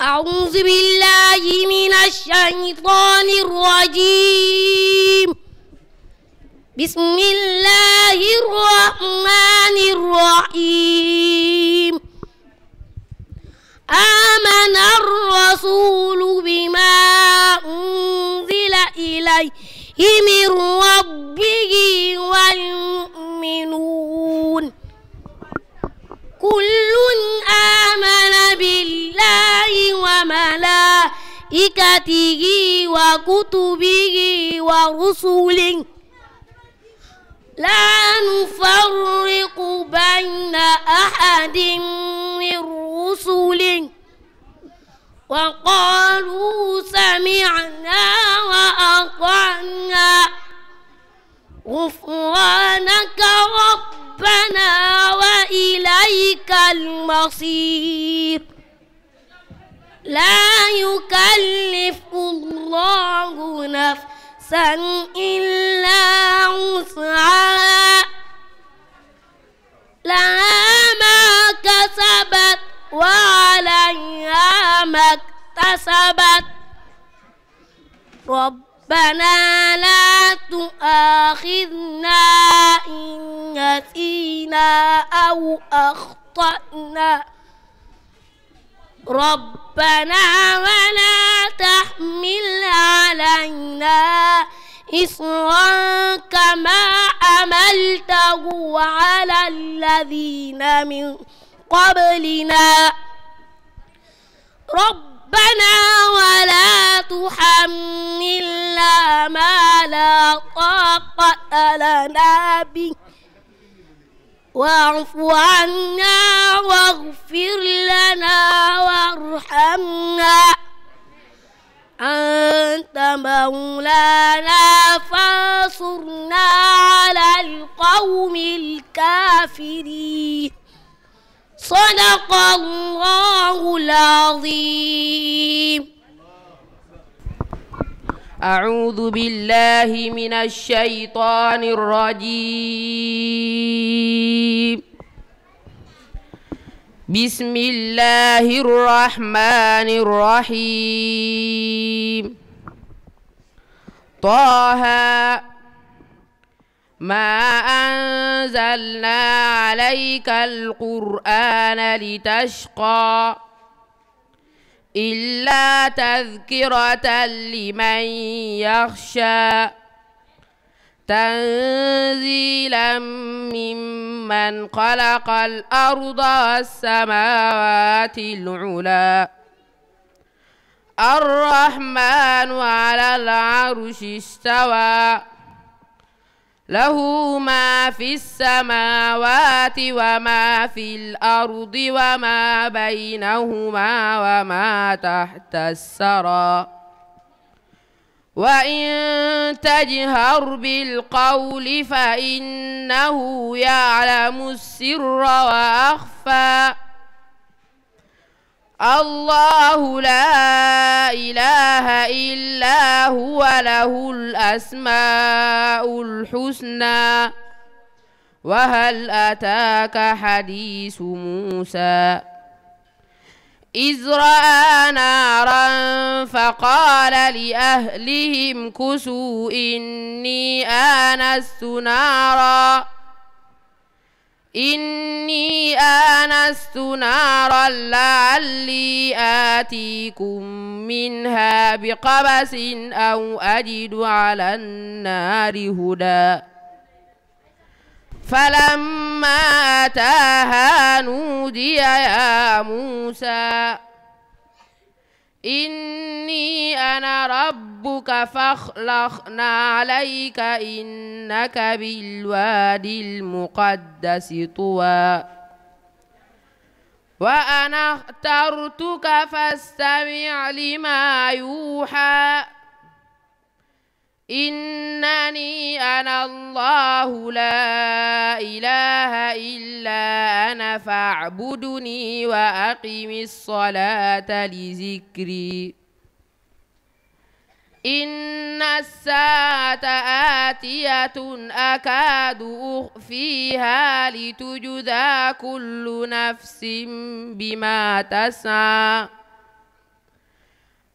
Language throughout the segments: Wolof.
أعوذ بالله من الشيطان الرجيم بسم الله الرحمن الرحيم آمن الرسول بما أنزل إليه من ربه والمؤمنون كل آمن بالله وملائكته وكتبه ورسله لا نفرق بين أحد من رسله وقالوا سمعنا وأطعنا غفرانك ربنا وإليك المصير لا يكلف الله نفسا إلا وسعها لها ما كسبت وعليها ما اكتسبت رب ربنا لا تؤاخذنا إن نسينا أو أخطأنا ربنا ولا تحمل علينا إصرا كما حملته على الذين من قبلنا رب ربنا ولا تحملنا ما لا طاقة لنا به واعف عنا واغفر لنا وارحمنا أنت مولانا فانصرنا على القوم الكافرين sadaqallaahul aziim أعوذ بالله من الشيطان الرجيم بسم الله الرحمن الرحيم طه ما أنزلنا عليك القرآن لتشقى إلا تذكرة لمن يخشى تنزيلا ممن خلق الأرض والسماوات العلا الرحمن على العرش استوى lahu ma fi samawati wa ma fi lardi wa ma baynahuma wa ma taxta sara wa in tajhar bilqawli fa innahu yaclamu sirra wa axfa الله لا إله إلا هو له الأسماء الحسنى وهل أتاك حديث موسى إذ رأى نارا فقال لأهلهم كسوا إني آنست نارا إني آنست نارا لعلي آتيكم منها بقبس أو أجد على النار هدى فلما أتاها نودي يا موسى إني أنا ربك فاخلعنا عليك إنك بالوادي المقدس طوى وأنا اخترتك فاستمع لما يوحى إنني أنا الله لا إله إلا أنا فاعبدني وأقم الصلاة لذكري إن الساعة آتية أكاد أخفيها لتجزى كل نفس بما تسعى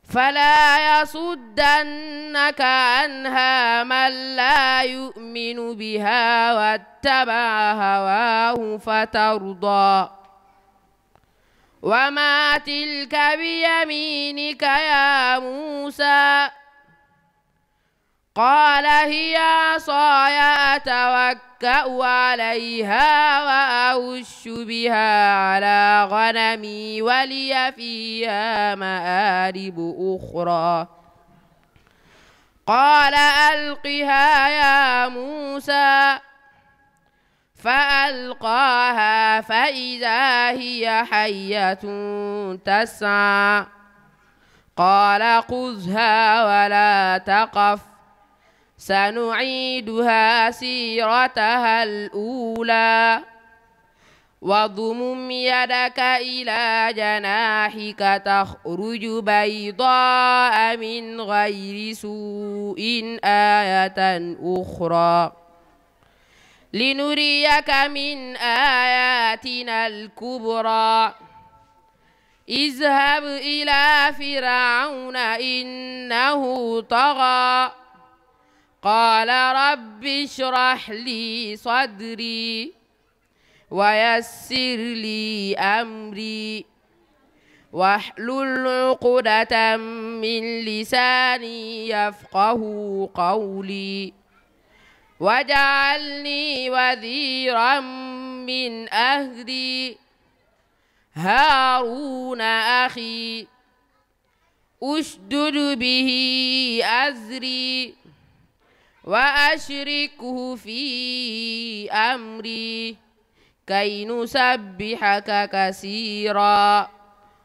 فلا يصدنك عنها من لا يؤمن بها واتبع هواه فترضى وما تلك بيمينك يا موسى qaala hiya asaaya atawakka'u alayha wa ahushu biha ala ganami wa liya fiha ma'aaribu ukhra qaala alqiha ya muusa فألقاها فإذا هي حية تسعى قال خذها ولا تقف سنعيدها سيرتها الأولى واضمم يدك إلى جناحك تخرج بيضاء من غير سوء آية أخرى لنريك من آياتنا الكبرى اذهب إلى فرعون إنه طغى qaala rabbi shrah li sadri wa yassir li amri wahlul uqdatan min lisaani yafqahu qawli waj'alni waziran min ahli haaruna axi ushdud bihi azri wa ashrikhu fi amri kay nusabbihaka kasira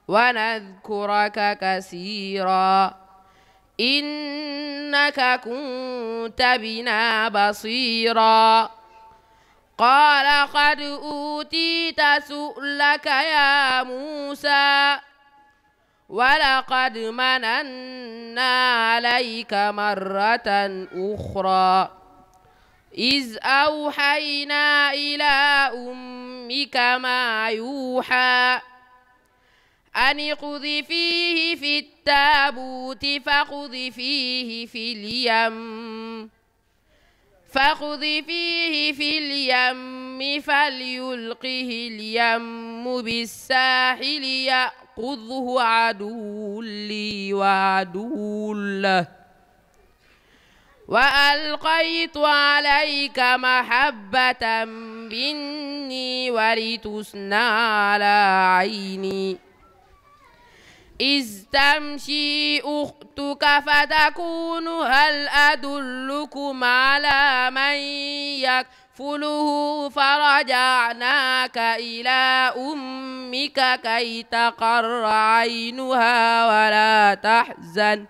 wa nadhkuraka kasira innaka kunta bina basira qala qad utita su'laka ya Musa ولقد مننا عليك مرة أخرى إذ أوحينا إلى أمك ما يوحى أن اقذفيه في التابوت فاقذفيه في اليم فاقذفيه في اليم اليم فليلقه اليم بالساحل يأخذه عدو لي وعدو له وألقيت عليك محبة مني ولتصنع على عيني إذ تمشي أختك فتكون هل أدلكم على من يكفر فله فرجعناك إلى أمك كي تقر عينها ولا تحزن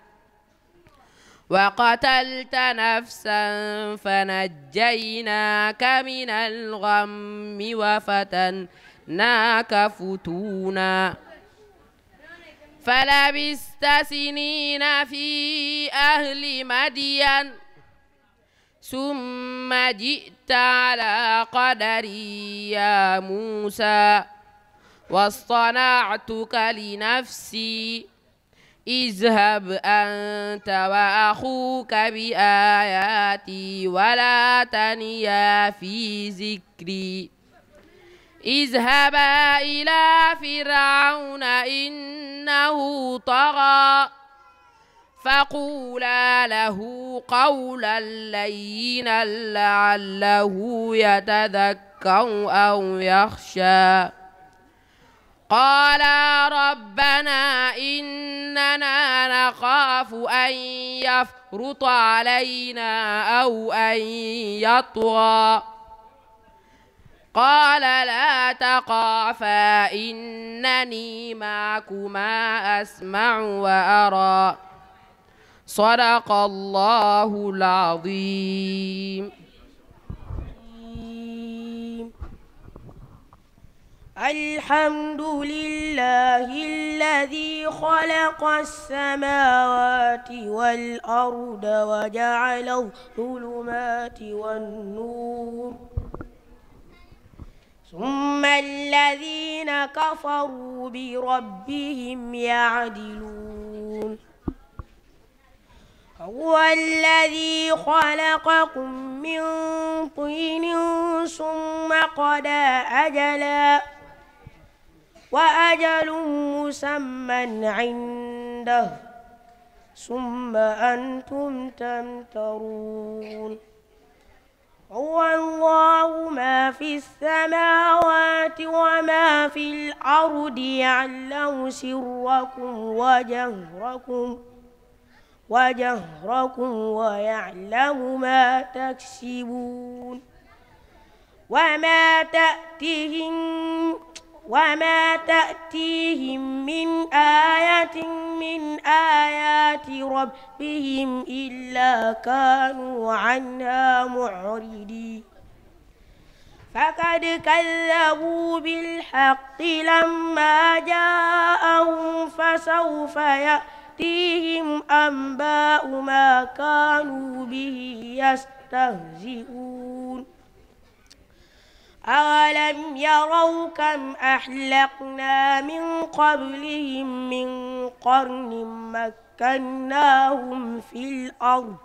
وقتلت نفسا فنجيناك من الغم وفتناك فتونا فلبست سنين في أهل مدين summa ji'ta ala qadari ya Musa wastana'tuka li nafsi izhab anta wa axuka bi ayati wala taniya fi zikri izhaba ila fir'auna innahu tagha فقولا له قولا لينا لعله يتذكر أو يخشى قالا ربنا إننا نخاف أن يفرط علينا أو أن يطغى قال لا تخافا إنني معكما أسمع وأرى sadaqallahul azim الحمد لله الذي خلق السماوات والأرض وجعل الظلمات والنور ثم الذين كفروا بربهم يعدلون هو الذي خلقكم من طين ثم قضى أجلا وأجل مسمى عنده ثم أنتم تمترون هو الله ما في السماوات وما في الأرض يعلم سركم وجهركم وجهركم ويعلم ما تكسبون وما تأتيهم وما تأتيهم من آية من آيات ربهم إلا كانوا عنها معرضين فقد كذبوا بالحق لما جاءهم فسوف يأتي تأتيهم أنباء ما كانوا به يستهزئون أولم يروا كم أحلقنا من قبلهم من قرن مكناهم في الأرض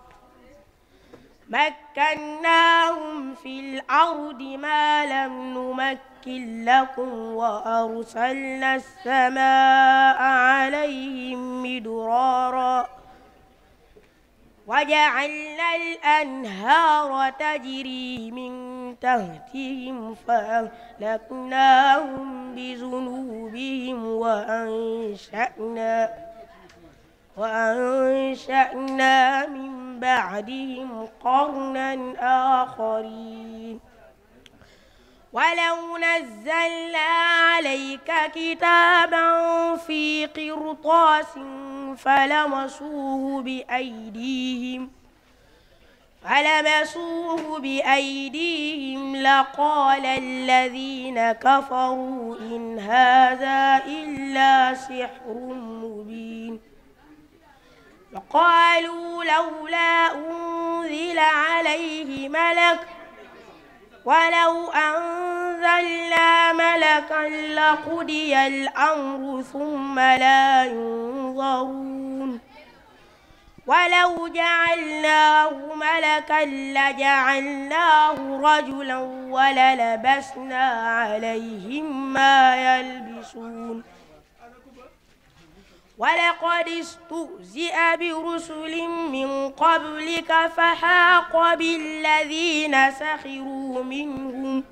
مكناهم في الأرض ما لم نمكن ممكن لكم وأرسلنا السماء عليهم مدرارا وجعلنا الأنهار تجري من تحتهم فأهلكناهم بذنوبهم وأنشأنا وأنشأنا من بعدهم قرنا آخرين ولو نزلنا عليك كتابا في قرطاس فلمسوه بأيديهم فلمسوه بأيديهم لقال الذين كفروا إن هذا إلا سحر مبين وقالوا لولا أنزل عليه ملك ولو أنزلنا ملكا لقضي الأمر ثم لا ينظرون ولو جعلناه ملكا لجعلناه رجلا وللبسنا عليهم ما يلبسون ولقد استهزئ برسل من قبلك فحاق بالذين سخروا منهم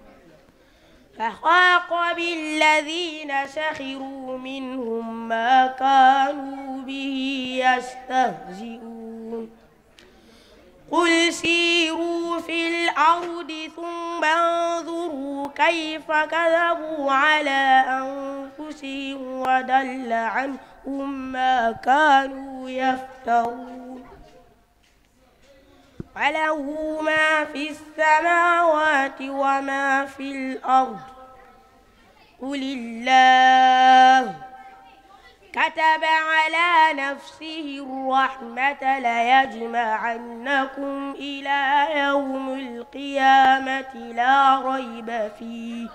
فحاق بالذين سخروا منهم ما كانوا به يستهزئون قل سيروا في الأرض ثم انظروا كيف كذبوا على أنفسهم وضل عنهم لهم ما كانوا يفترون وله ما في السماوات وما في الأرض قل الله كتب على نفسه الرحمة ليجمعنكم إلى يوم القيامة لا ريب فيه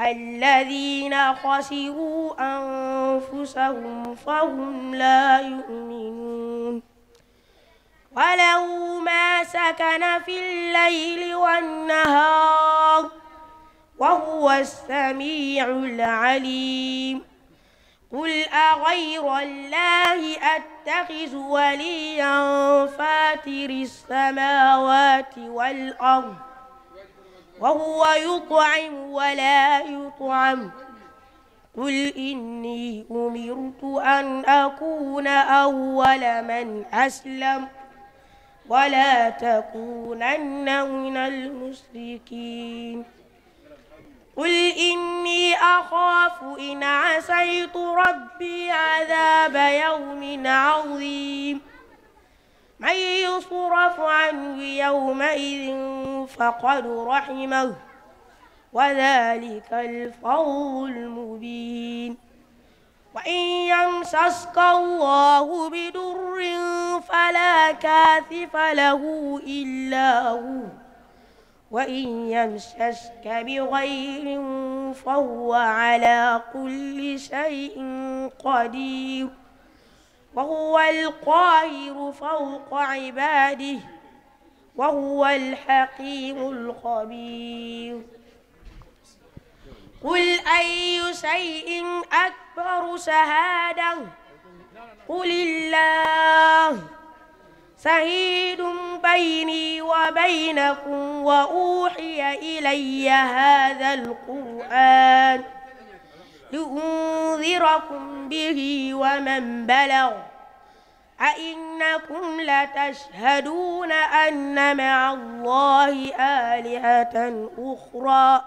الذين خسروا أنفسهم فهم لا يؤمنون وله ما سكن في الليل والنهار وهو السميع العليم قل أغير الله أتخذ وليا فاتر السماوات والأرض wa huwa yut'am wa laa yut'am qul inni umirtu an akuna awwala man aslama wa laa takunanna minal mushrikiin qul inni axaafu in asaytu rabbi adaaba yawmin aziim من يصرف عنه يومئذ فقد رحمه وذلك الفوز المبين وإن يمسسك الله بضر فلا كاثف له إلا هو وإن يمسسك بغير فهو على كل شيء قدير وهو القاهر فوق عباده وهو الحكيم الخبير قل أي شيء أكبر شهادة قل الله شهيد بيني وبينكم وأوحي إلي هذا القرآن لأنذركم به ومن بلغ أئنكم لتشهدون أن مع الله آلهة أخرى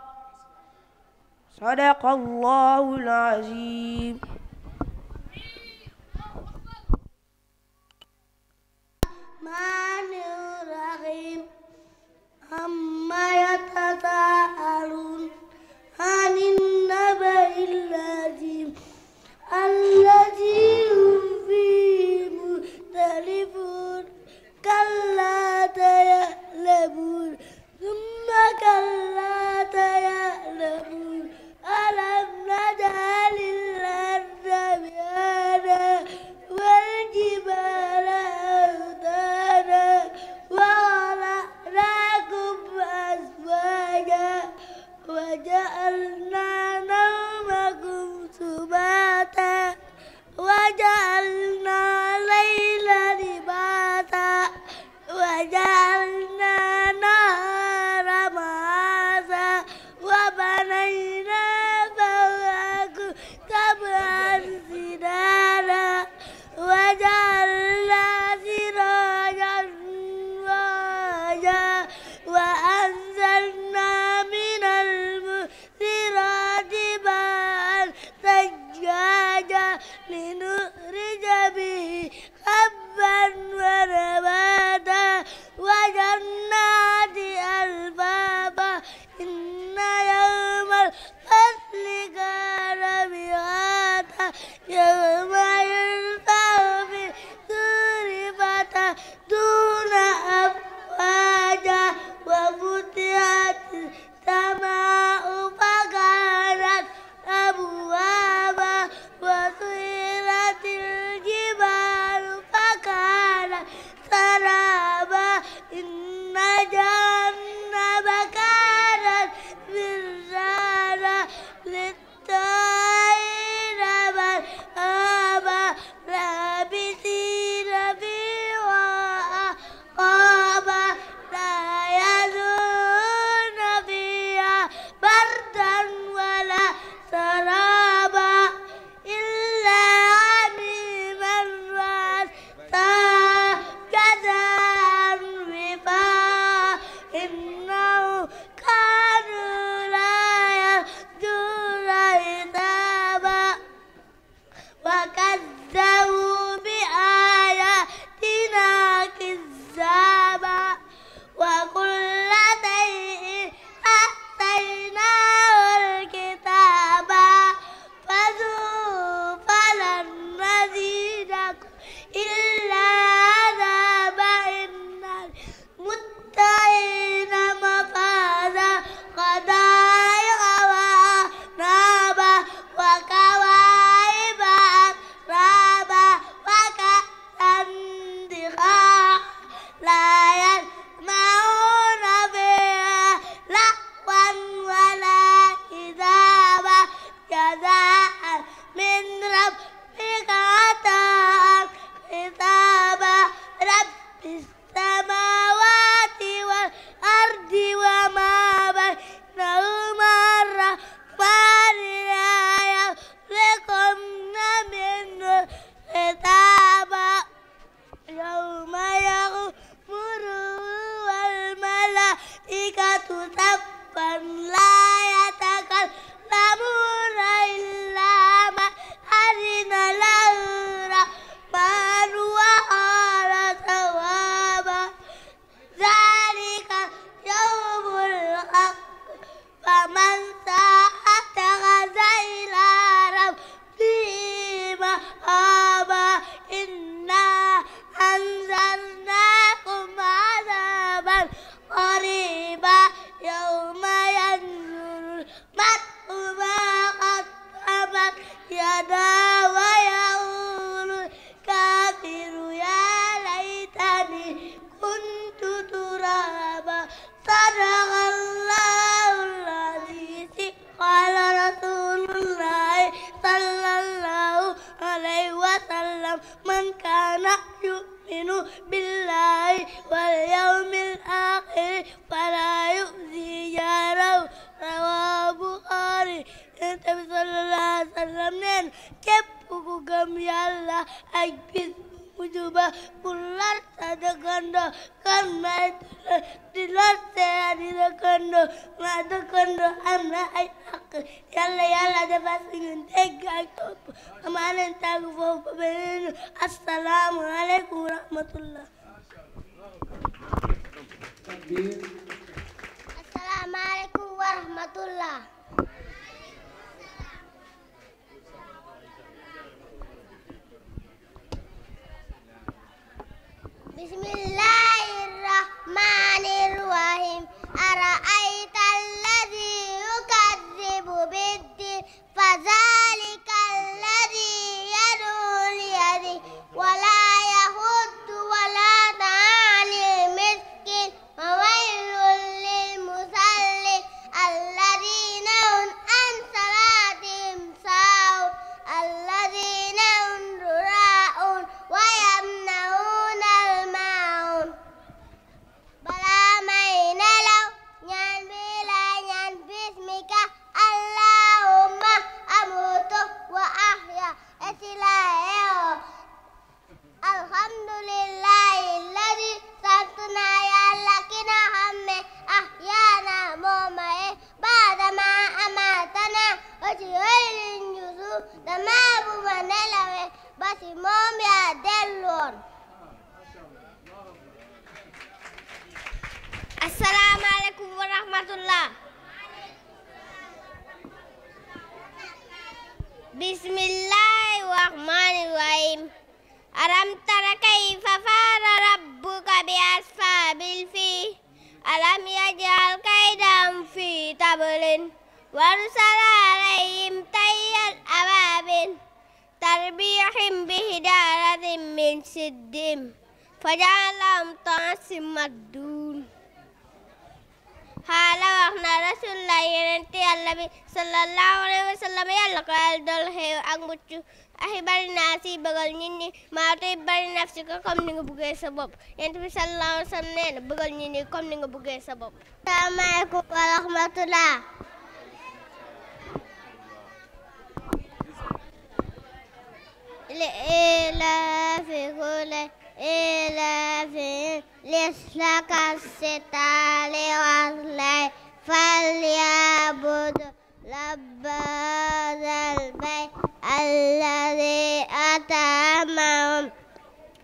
صدق الله العظيم الرحمن الرحيم عما يتساءلون عن النبأ الذي الذي هم فيه مختلفون كلا سيعلمون ثم كلا سيعلمون ألم نجعل bëggee sa bopp yonent bi sallallahu alayhi wa sallam ñi nii comme ni nga bëggee sa bopp. asalaamaaleykum wa rahmatullah. لإيلافي كل إيلافهم رحلة الشتاء والصيف فليعبدوا رب هذا البيت الذي أطعمهم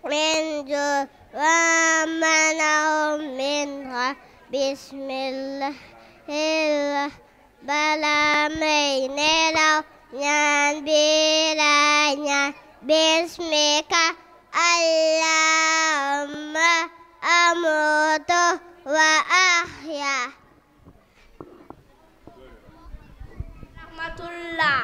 من جوع ومنعهم منها بسم الله bala may nelaw ñaan bi la ñaan bismika allahumma amutu wa ahya rahmatullah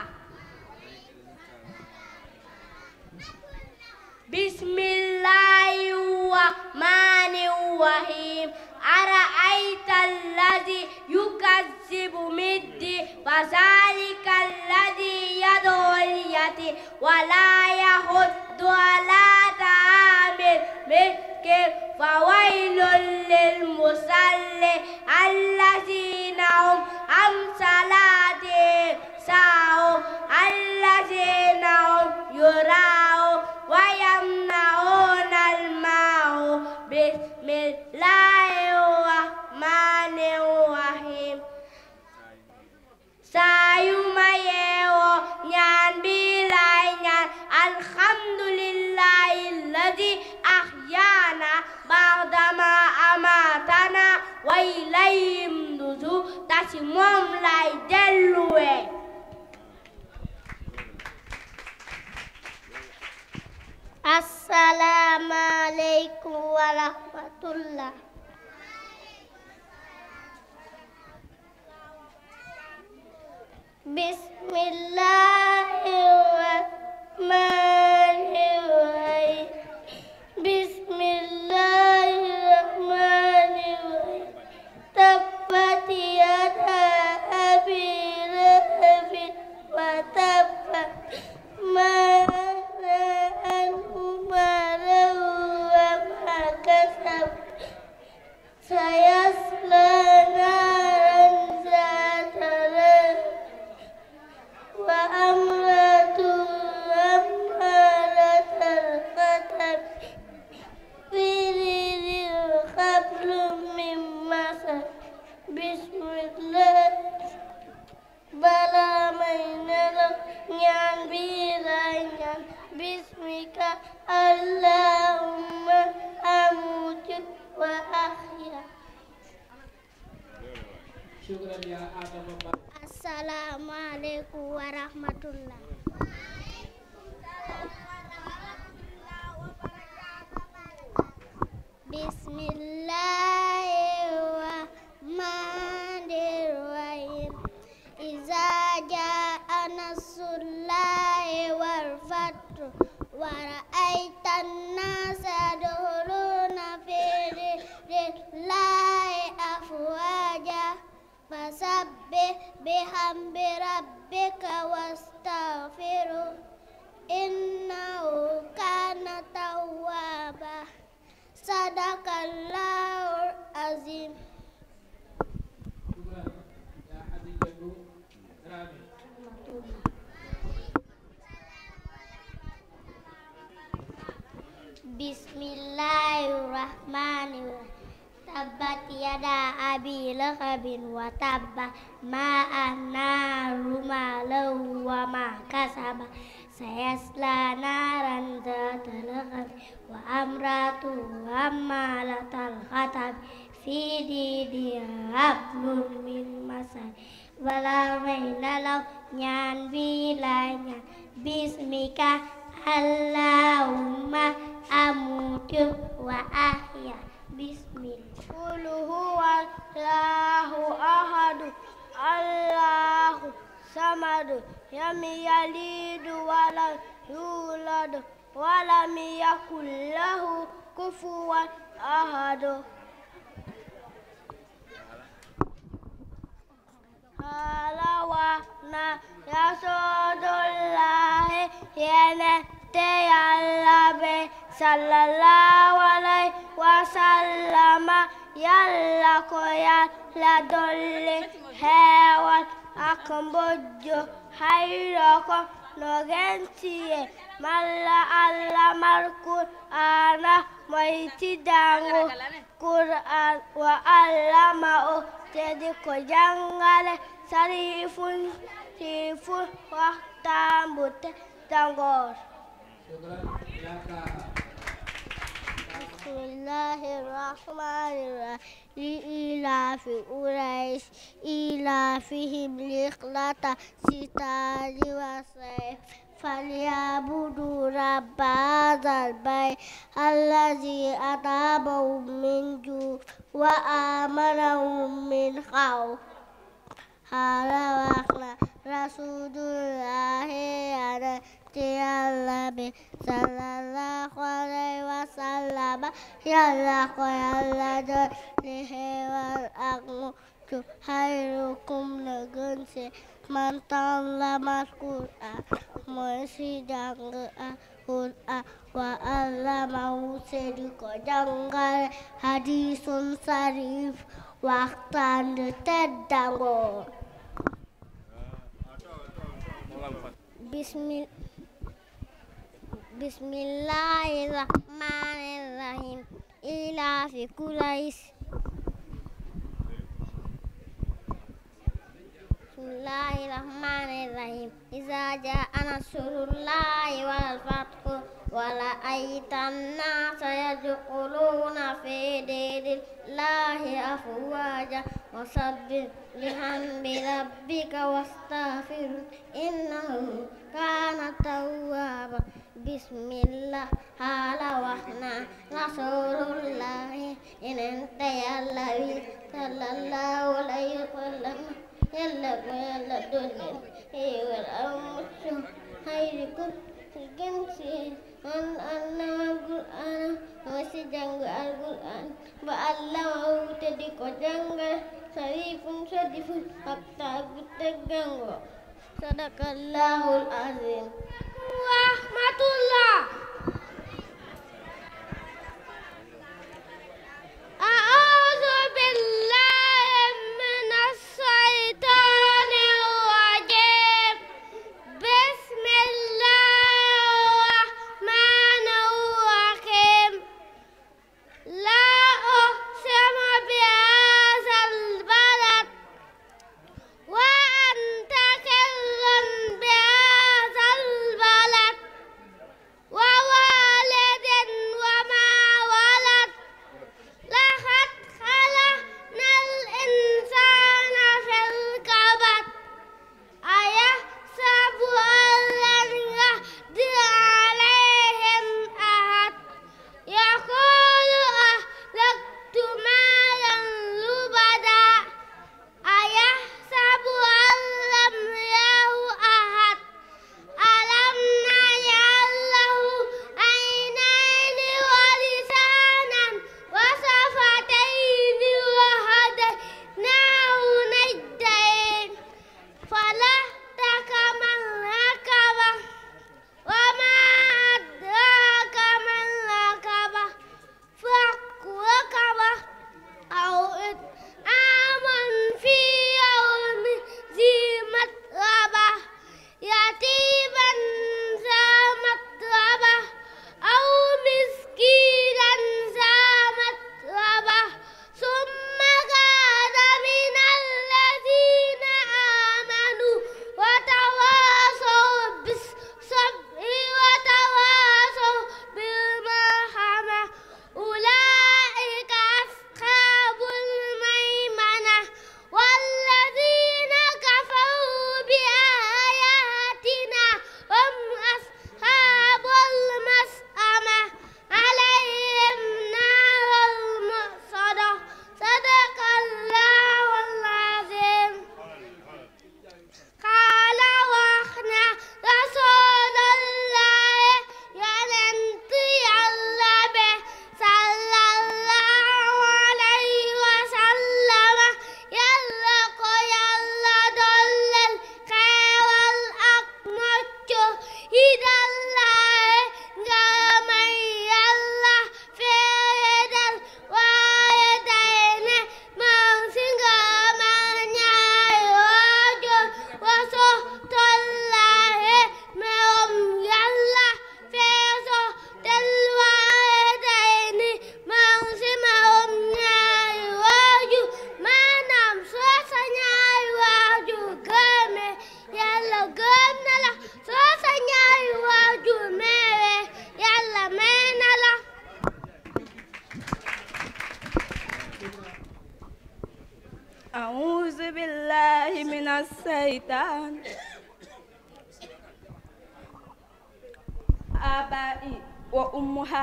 بسم الله الرحمن الرحيم أرأيت الذي يكذب بالدين فذلك الذي يدعو اليتيم ولا يحض على طعام المسكين فويل للمصلين الذين هم عن صلاتهم سعوا الذين هم يراعوا ويمنعون الماء بسم الله الرحمن الرحيم saayu ma yeewoo ñaan bi laay ñaan alhamdulillahi alladi ahyaana ba'dama amaatana wa ilayhi nushuur ta ci moom laay delluwee asalaamaaleykum wa rahmatullah. bismillah. balaa may nalaw ñaan bi laa ñaan bismika allahumma amutu wa ahya bismillah qul huwa allahu ahadu allahu samadu lam yalidu walam yulad walam yakul lahu kufuwan ahadu قال وانا رسول الله ينتهي النبي صلى الله عليه وسلم يلك يلد الهوى أكبج خيركم نغنتي malla allah mar qur'ana moytidango qur'an wa allama o tedi ko jangale sarifun siifu waxtaan bu te tàngoor bismillahi rahmani rahim ilaafi Quraysh ilaafihim liqlata sitaani wasayf فليعبدوا رب هذا البيت الذي أطعمهم من جوع وآمنهم من خوف هذا وأخلى رسول الله يأتي النبي صلى الله عليه وسلم يلق لدنه والأقمة خيركم لجنسه من تعلم القرآن مرشدا القرآن وعلمه صدق جنجل حديث صريف واختار تدعو bismil bismillahir rahmanir rahim ilaafi Quraysh bismillahi rahmani rahim iza jaa nasrullahi wal fathu wala aytan naasa yadkhuluna fi dinillahi afwaja wasabbih bihamdi rabbika wastaghfir innahu kana tawwaba bismillah haala waxna nasrullahi inanta yàlla wi sallallahu alayhi wa sallam yàlla bu yàlla dooleel xéewal ak mucc xayri ku gëm si man allama alquraan moo si jàng alquraan ba allamahu te di ko jàngal sarifun sadifun ak taagu teggangoo sadaqallahul aziim rahmatullah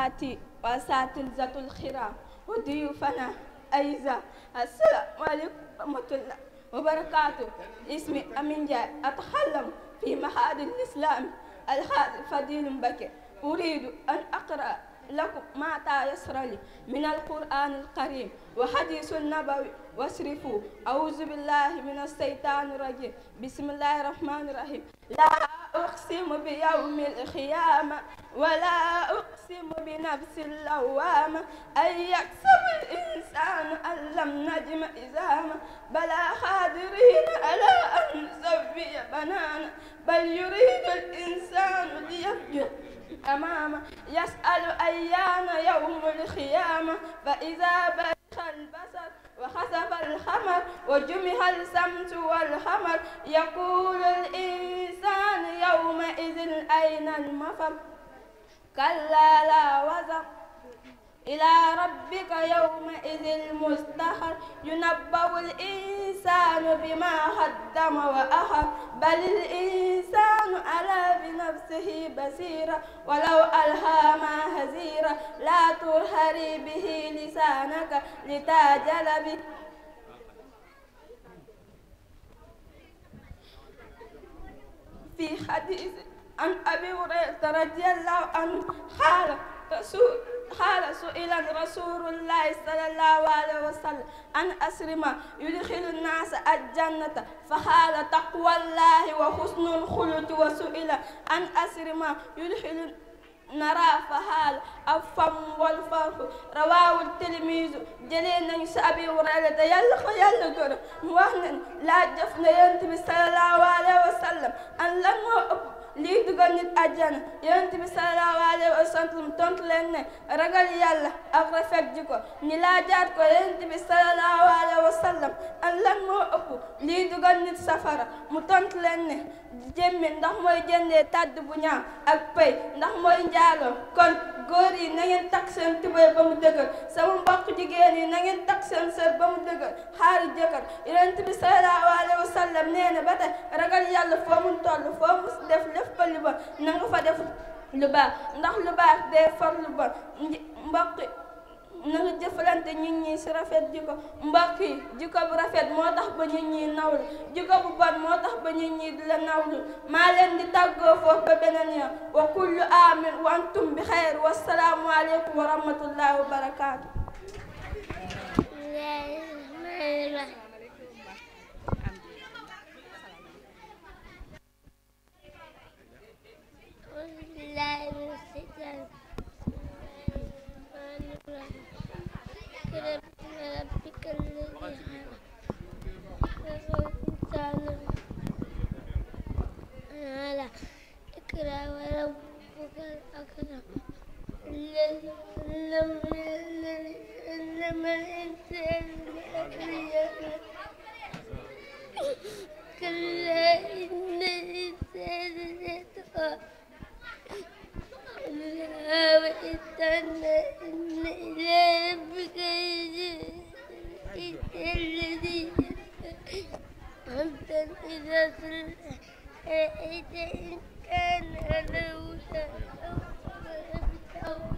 الخيرات واساتذة الخيرات وضيوفنا أيضا السلام عليكم ورحمة الله وبركاته اسمي أمين جاي أتكلم في معهد الإسلام الخاطب فضيل بكر أريد أن أقرأ لكم ما تيسر لي من القرآن الكريم وحديث النبوي wasrifu auzu billahi min alseytani irajim bismillahi irahmani irahim laa uqsimu bi yawmi alqiyama wala uqsimu bi nafsi lawama an yaksabu linsanu an lam najma izama bala xaadirina ala an nusawiya banana bal yuridu linsanu liyafjur amama yasalu ayana yawmu alqiyama fa ida barixa albasar وخسف القمر وجمع الشمس والقمر يقول الإنسان يومئذ أين المفر كلا لا وزر إلى ربك يومئذ المستقر ينبأ الإنسان بما قدم وأخر بل الإنسان ألا بنفسه بصيرا ولو ألهى ما هزيرا لا ترهري به لسانك لتاجل به في حديث عن أبي هريرة رضي الله عنه قال رسول قال سئل رسول الله صلى الله عليه وسلم أن أسرم يدخل الناس الجنة فقال تقوى الله وحسن الخلق وسئل أن أسرم يدخل نرى فهال الفم والفرح رواه التلميذ jëlee nañu si abi Hurayra te yàlla ko yàlla gërëm mu wax ne laa jëf na yonent bi sallallahu alayhi wa sallam an lan moo ëpp lii dugal nit àjjana yonent bi sallallahu alayhi wa sallam tontu leen ne ragal yàlla ak rafet ji ko ñi laajaat ko yonent bi sallallahu alayhi wa moo ëpp lii dugal nit safara mu tontu leen ne jëmmi ndax mooy jëndee tàdd bu ñaaw ak pay ndax mooy njaaloo kon góor yi na ngeen takk seen tubéy ba mu dëgër sama mbokk jigéen yi na ngeen takk seen sër ba mu dëgër xaari jëkkër yonent bi sallallahu alayhi ba tey ragal yàlla foo mu toll foo mu def lépp fa lu bon na fa def lu baax ndax lu baax day far lu bon mbokk na jëfalante nit ñi si rafet jikko mbokk yi jikko bu rafet moo tax ba nit ñi nawlu jikko bu bon moo tax ba nit ñi di la nawlu maa leen di tàggoo foofu ba beneen yoon wa kullu amin wa antum bi xayr wasalaamu aleykum wa wa barakaatu بالله من الشيطان الرحمن الرحيم كرم ربك الذي على اقرأ وربك الأكرم إنما الإنسان بأكرمه كلا إن الإنسان ليطغى واستنى إن إلى ربك الذي عبدا إذا صلى أرأيت إن كان على هدى أو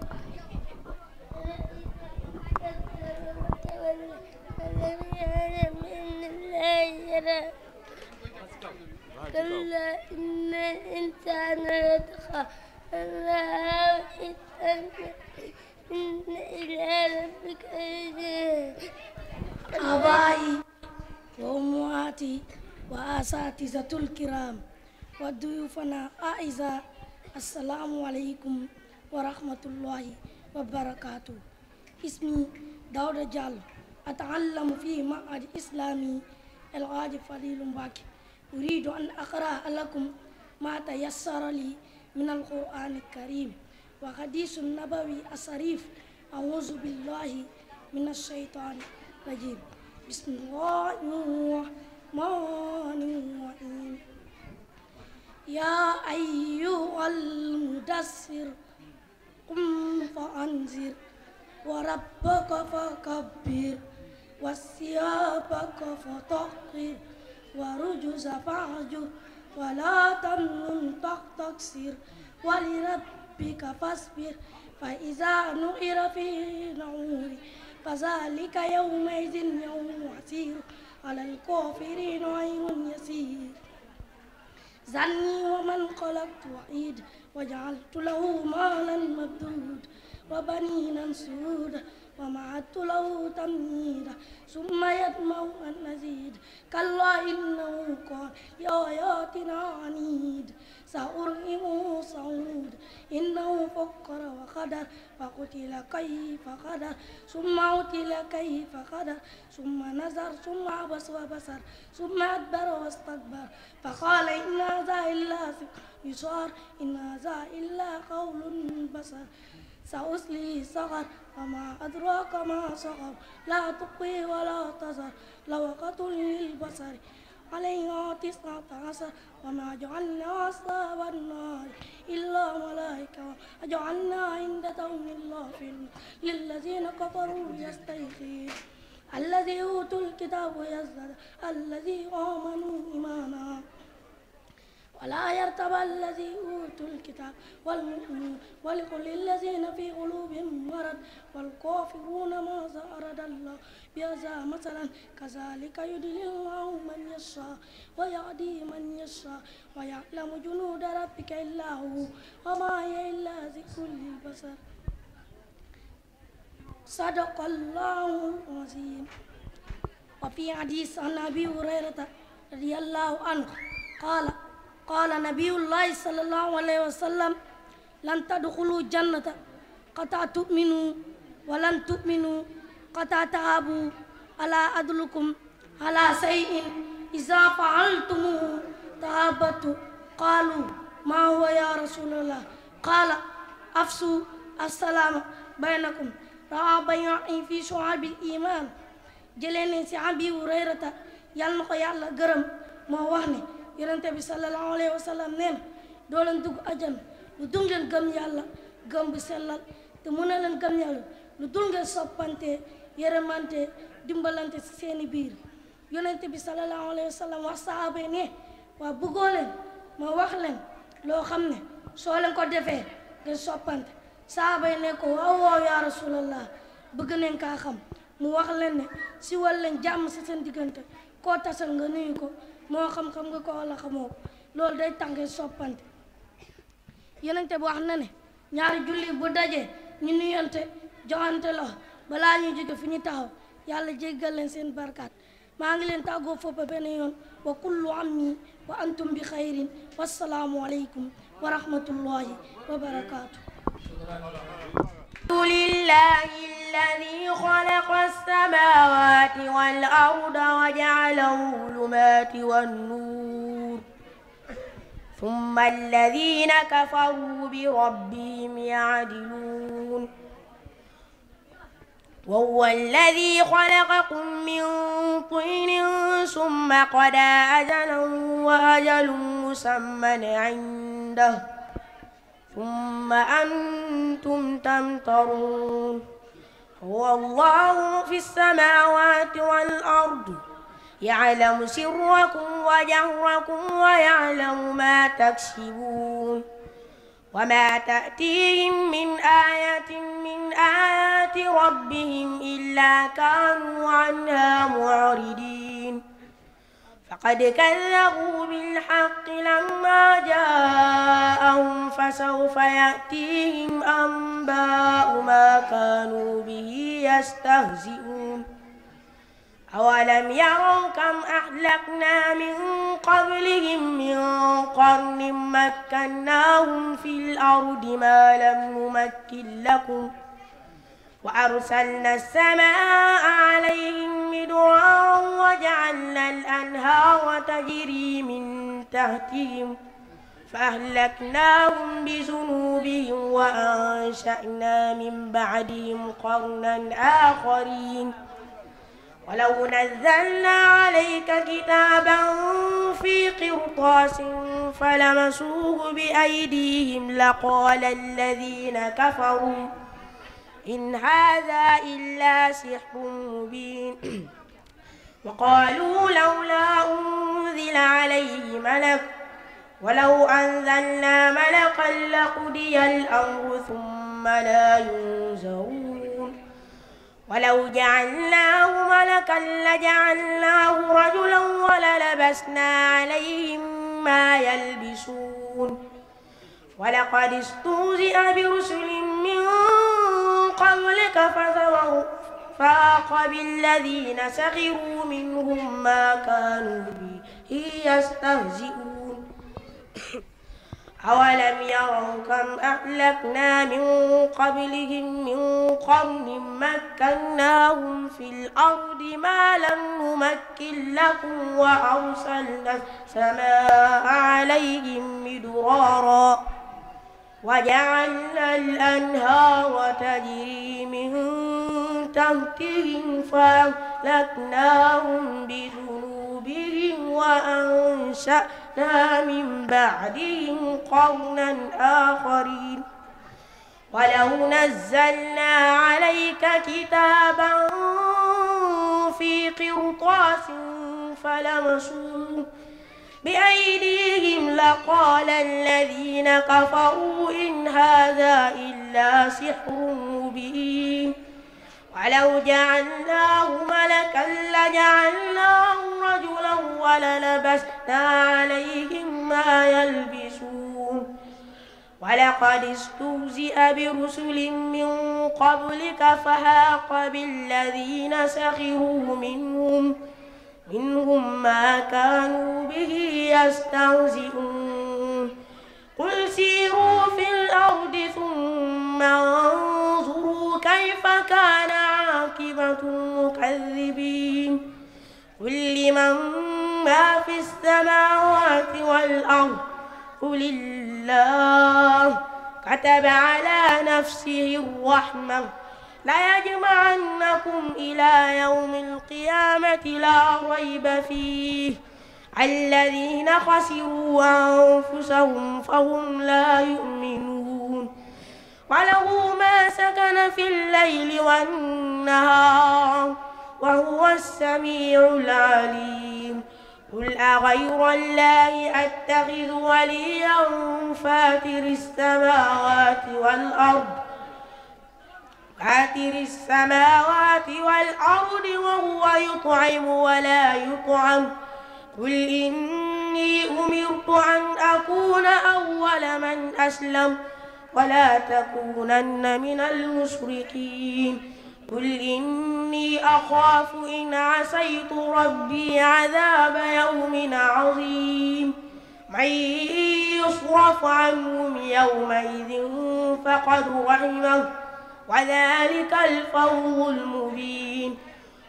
ألم يعلم أن الله يرى كلا إن الإنسان ليطغى أن إن إلى ربك آبائي وأمهاتي وأساتذة الكرام وضيوفنا أعزاء السلام عليكم ورحمة الله وبركاته اسمي داود جال أتعلم في معهد إسلامي العاج فليل باكر أريد أن أقرأ لكم ما تيسر لي من القرآن الكريم وحديث النبوي الشريف أعوذ بالله من الشيطان الرجيم بسم الله الرحمن الرحيم يا أيها المدثر قم فأنذر وربك فكبر وثيابك فطهر ورجز فاهجر ولا تمنن تستكثر ولربك فاصبر فإذا نئر في نعور فذلك يومئذ يوم عسير على الكافرين عين يسير ذرني ومن خلقت وحيد وجعلت له مالا ممدودا وبنينا شهودا ومعدت له تمهيدا ثم يطمع أن أزيد كلا إنه كان لآياتنا عنيد سأرهقه صعود إنه فكر وقدر فقتل كيف قدر ثم قتل كيف قدر ثم نظر ثم عبس وبصر ثم أدبر واستكبر فقال إن هذا إلا يسار إن هذا إلا قول بصر سأصليه سقر وما أدراك ما سقر لا تقي ولا تزر لوقة للبصر عليها تسعة عشر وما جعلنا أصحاب النار إلا ملائكة وجعلنا عندهم الله في للذين كفروا يستيقين الذي أوتوا الكتاب يزدد الذي آمنوا إيمانا ولا يرتب الذي أوتوا الكتاب والمؤمنون ولكل الذين في قلوبهم مرض والكافرون ماذا أراد الله بهذا مثلا كذلك يدل الله من يشاء ويهدي من يشاء ويعلم جنود ربك إلا هو وما هي إلا ذكر للبشر صدق الله العظيم وفي حديث عن أبي هريرة رضي الله عنه قال qaala nabiyullahi sallallahu alayhi wa sallam lan tadxulu jannata xataa tuminu wa lan tuminu xataa tahaabu alaa adlukum alaa sayin iza faaltumuhu tahabatu qaalu maa huwa ya rasulallah qaala afsu assalaama baynakum rawa bay'i fi shu'abil iman jëlee ne si abi hurayrata yal na ko yàlla gërëm moo wax ne yonente bi sallallahu alayhi wa sallam nee na doo leen dugg ajjan lu dul ngeen gëm yàlla gëm bu sellal te mu ne leen gëm yàlla lu dul ngeen soppante yërëmante dimbalante si seeni biir yonente bi sallallahu alayhi wa wax sahaaba yi ne waa bëggoo leen ma wax leen loo xam ne soo leen ko defee ngeen soppante sahaaba yi ne ko waaw waaw yaa rasulallah bëgg nañ kaa xam mu wax leen ne si wal leen jàmm si seen diggante koo tasal nga nuyu ko moo xam-xam nga ko wala xamoo loolu day tax ngeen soppante yonente bu wax na ne ñaari julli bu dajee ñu nuyante joxante loxo balaa ñuy jóge fu ñu taxaw yàlla jéggal leen seen barkaat maa ngi leen tàggoo foppa benn yoon wa kullu ammi wa antum bi xayrin wassalaamu aleykum wa rahmatullahi لله الذي خلق السماوات والأرض وجعل الظلمات والنور ثم الذين كفروا بربهم يعدلون وهو الذي خلقكم من طين ثم قضى أجلا وأجل مسمى عنده ثم أنتم تمترون هو الله في السماوات والأرض يعلم سركم وجهركم ويعلم ما تكسبون وما تأتيهم من آية من آيات ربهم إلا كانوا عنها معرضين فقد كذبوا بالحق لما جاءهم فسوف يأتيهم أنباء ما كانوا به يستهزئون أولم يروا كم أهلكنا من قبلهم من قرن مكناهم في الأرض ما لم نمكن لكم ۖ وأرسلنا السماء عليهم مدرا وجعلنا الأنهار تجري من تحتهم فأهلكناهم بذنوبهم وأنشأنا من بعدهم قرنا آخرين ولو نزلنا عليك كتابا في قرطاس فلمسوه بأيديهم لقال الذين كفروا إن هذا إلا سحر مبين وقالوا لولا أنزل عليه ملك ولو أنزلنا ملكا لقضي الأمر ثم لا ينزعون ولو جعلناه ملكا لجعلناه رجلا وللبسنا عليهم ما يلبسون ولقد استهزئ برسل من قبلك فسووا فاق بالذين سخروا منهم ما كانوا به يستهزئون أولم يروا كم أهلكنا من قبلهم من قرن مكناهم في الأرض ما لم نمكن لكم وأرسلنا السماء عليهم مدرارا وجعلنا الأنهار تجري من تحتهم فأهلكناهم بذنوبهم وأنشأنا من بعدهم قرنا آخرين ولو نزلنا عليك كتابا في قرطاس فلمسوه بأيديهم لقال الذين كفروا إن هذا إلا سحر مبين ولو جعلناه ملكا لجعلناه رجلا وللبسنا عليهم ما يلبسون ولقد استهزئ برسل من قبلك فهاق بالذين سخروا منهم منهم ما كانوا به يستهزئون قل سيروا في الأرض ثم انظروا كيف كان عاقبة المكذبين قل لمن ما في السماوات والأرض قل الله كتب على نفسه الرحمه ليجمعنكم إلى يوم القيامة لا ريب فيه الذين خسروا أنفسهم فهم لا يؤمنون وله ما سكن في الليل والنهار وهو السميع العليم قل أغير الله أتخذ وليا فاتر السماوات والأرض فاتر السماوات والأرض وهو يطعم ولا يطعم قل إني أمرت أن أكون أول من أسلم ولا تكونن من المشركين قل إني أخاف إن عصيت ربي عذاب يوم عظيم من يصرف عنهم يومئذ فقد رحمه وذلك الفوز المبين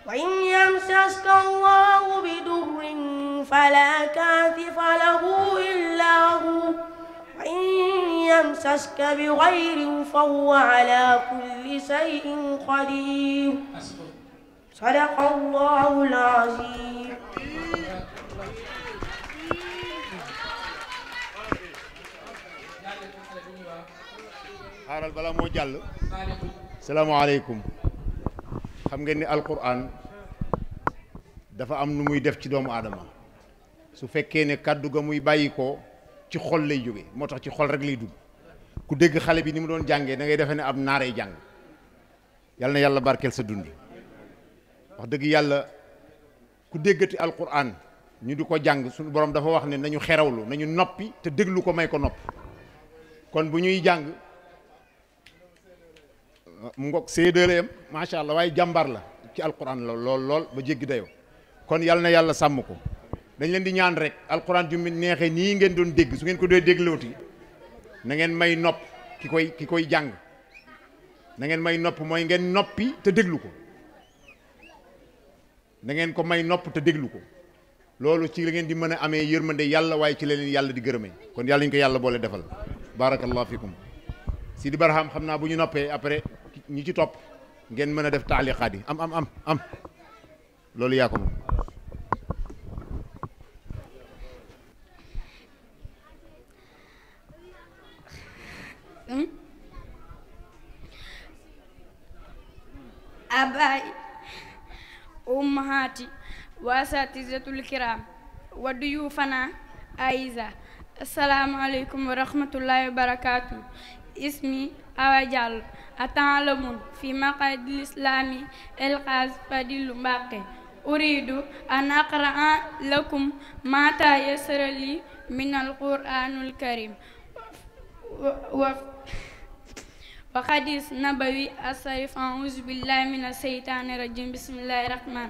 وإن يمسسك الله بدر فلا كاثف له إلا هو وإن يمسسك بغير فهو على كل شيء قدير صدق الله العظيم xaaral bala moo jàll salaamaaleykum xam ngeen ni alquran dafa am nu muy def ci doomu aadama su fekkee ne kàddu ga muy bàyyi ko ci xol lay jóge moo tax ci xol rek lay dugg ku dégg xale bi ni mu doon jàngee da ngay defee ne ab naaree jàng yàlla yàlla barkeel sa dund wax dëgg yàlla ku déggati alquran ñu di ko jàng sunu borom dafa wax ne nañu xerawlu nañu noppi te déglu ko may ko nopp kon bu ñuy jàng mu ngoog séedéeleem macha allah waaye jàmbaar la ci alquran la lool lool ba jéggi dayoo kon yal na yàlla sàmm ko dañ leen di ñaan rek alquran ju mu neexee nii ngeen doon dégg su ngeen ko dee déglooti na ngeen may nopp ki koy ki koy jàng nangeen may nopp mooy ngeen noppi te déglu ko na ngeen ko may nopp te déglu ko loolu ci la ngeen di mën a amee yërmande yàlla waaye ci la leen yàlla di gërëmee kon yàlla ñu ko yàlla boole defal barakallahu fikum ñu ci topp ngeen mën a def taaliqaat yi am am am am loolu yaa ko moom hmm? abai ummahati wasatizatul kiram wa duyufana aiza assalaamu aleykum wa wa barakatuh ismi awa jàll atan la mun fi maqad lislami elxaas fadilu mbàqe uridu an aqraa lakum mata yasarali min alquranul karim wa xadis nabawi asarif auzu billahi min aseytaani rajim bismillahi rahman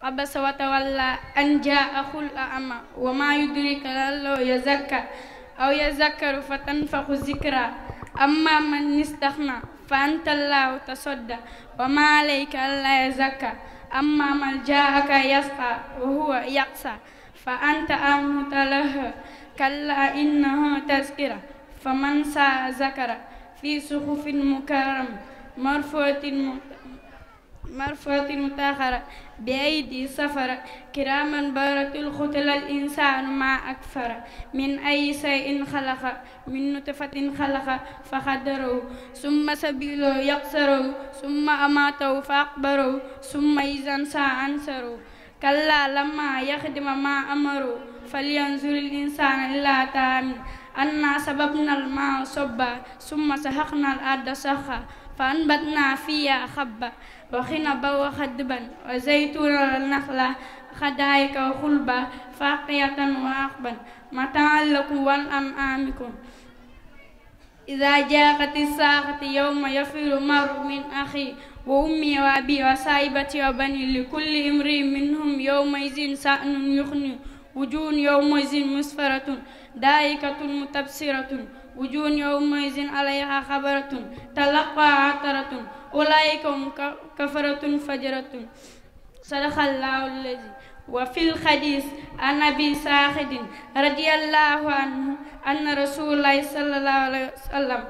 xabasa wa tawalla an jaahul ama wa ma yudrika lallo yazakka aw yazakkaru fa tanfaxu zikra أما من استغنى فأنت الله تصدى وما عليك ألا يزكى أما من جاءك يسقى وهو يقسى فأنت أمت له كلا إنه تذكرة فمن سعى ذكر في صحف مكرم مرفوعة مرفوعة متاخرة بأيدي سفرة كراما بارك الختل الإنسان ما أكثر من أي شيء خلق من نطفة خلق فقدره ثم سبيله يقصره ثم أماته فأقبره ثم إذا انسى أنصره كلا لما يخدم ما أمره فلينظر الإنسان إلا تامن أنا سببنا الماء صبا ثم سحقنا الأرض سخا فأنبتنا فيها خبا وخنبا وخدبا وزيتونا والنخلة خدايك وخلبا فاقية وأخبا متاعا لكم ولأنعامكم إذا جاءت الساعة يوم يفر المرء من أخيه وأمي وأبي وصاحبتي وبني لكل امرئ منهم يومئذ شأن يغني وجوه يومئذ مسفرة ضاحكة متبصرة وجوه يومئذ عليها خبرة تلقى عثرة أولئك هم كفرة فجرة صدق الله الذي وفي الحديث عن أبي ساخد رضي الله عنه أن رسول الله صلى الله عليه وسلم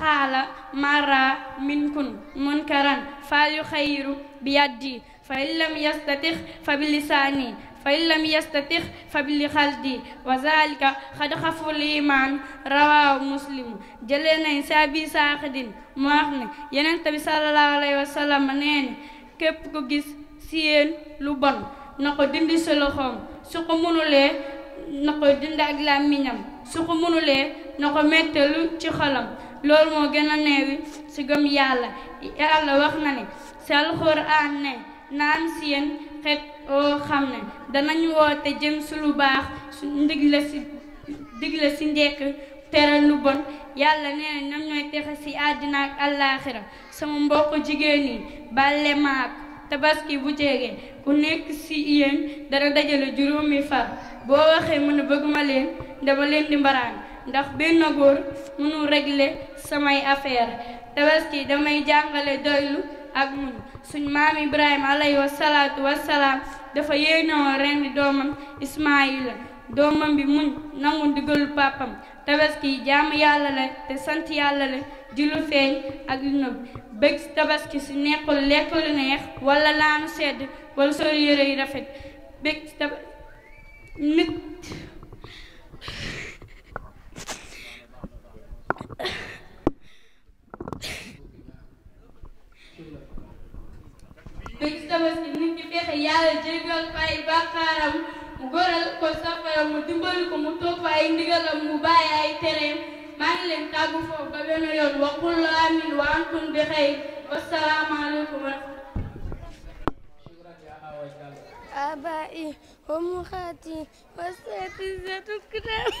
قال من رأى منكم منكرا فليخير بيدي فإن لم يستطع فبلساني fa in lam yastatix fa bi xal xaldi wa zalika xad xaful iman rawaaw muslimu jëlee nañ saa bi saaxidin mu wax ne yeneen tabi sallallahu alayhi wa sallam nee ni képp ko gis si yéen lu bon na ko dindi si loxoom su ko mënulee na ko dindi ak làmmiñam su ko mënulee na ko mettelu ci xolam loolu moo gën a neewi si gëm yàlla yàlla wax na ne si alxuraan ne naam si yéen xeet oo xam ne danañ woote jëm su lu baax su ndigle si digle si njekk tere lu bon yàlla nee na ñoom ñooy texe si àddina ak àllaaxira sama mbokk jigéen yi bàlle maak tabaski bu jege ku nekk si yéen dara dajale juróomi far boo waxee mën a bëgguma leen dama leen di mbaraan ndax benn góor mënul régler samay affaire tabaski damay jàngale doylu ak muñ suñ maam ibrahima alayhi wasalaatu wasalaam dafa yéenoon ren di doomam ismaila doomam bi muñ nangu ndigalu pàppam tabaski jaamu yàlla la te sant yàlla la di lu feeñ ak lu nëbb bëgg tabaski si neexul lekk wala laanu sedd wala sol yére yu rafet bëgg tab nit bisu tabaski nit ki fexe yàlla jégal ko ay bàkkaaram mu goral ko safara mu dimbali ko mu topp ay ndigalam mu bàyyi ay tereem maa ngi leen tàggu foofu ba benn yoon wa kullu amin wa antum bi xayr wasalaamaaleykum أبائي ومخاتي وساتذة كتابي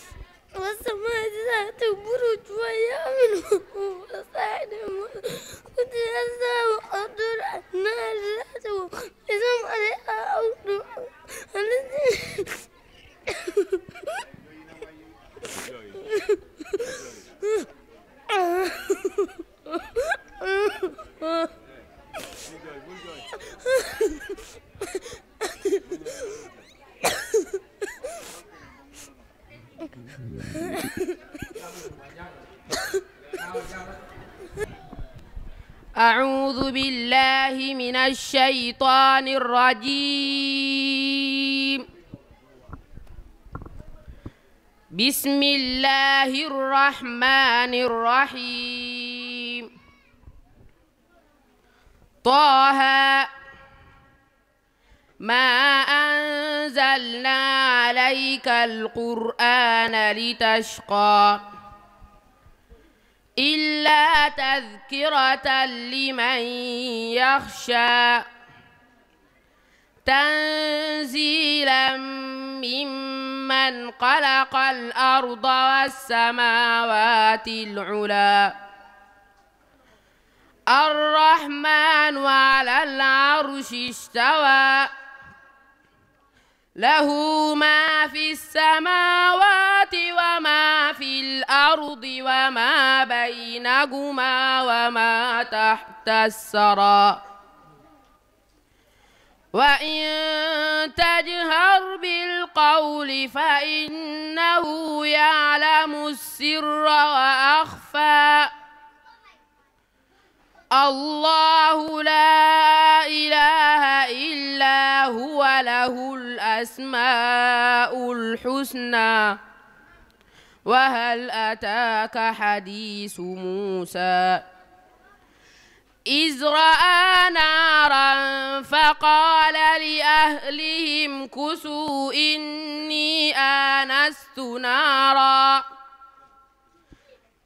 والسماء ذات البروج ويامن وصعد كنت أسعى وقدر النار ذاته بسمع أو الذي بالله من الشيطان الرجيم بسم الله الرحمن الرحيم طه ما أنزلنا عليك القرآن لتشقى إلا تذكرة لمن يخشى تنزيلا ممن خلق الأرض والسماوات العلا الرحمن على العرش استوى له ما في السماوات وما في الأرض الأرض وما بينهما وما تحت الثرى وإن تجهر بالقول فإنه يعلم السر وأخفى الله لا إله إلا هو له الأسماء الحسنى وهل أتاك حديث موسى إذ رأى نارا فقال لأهلهم كثوا إني آنست نارا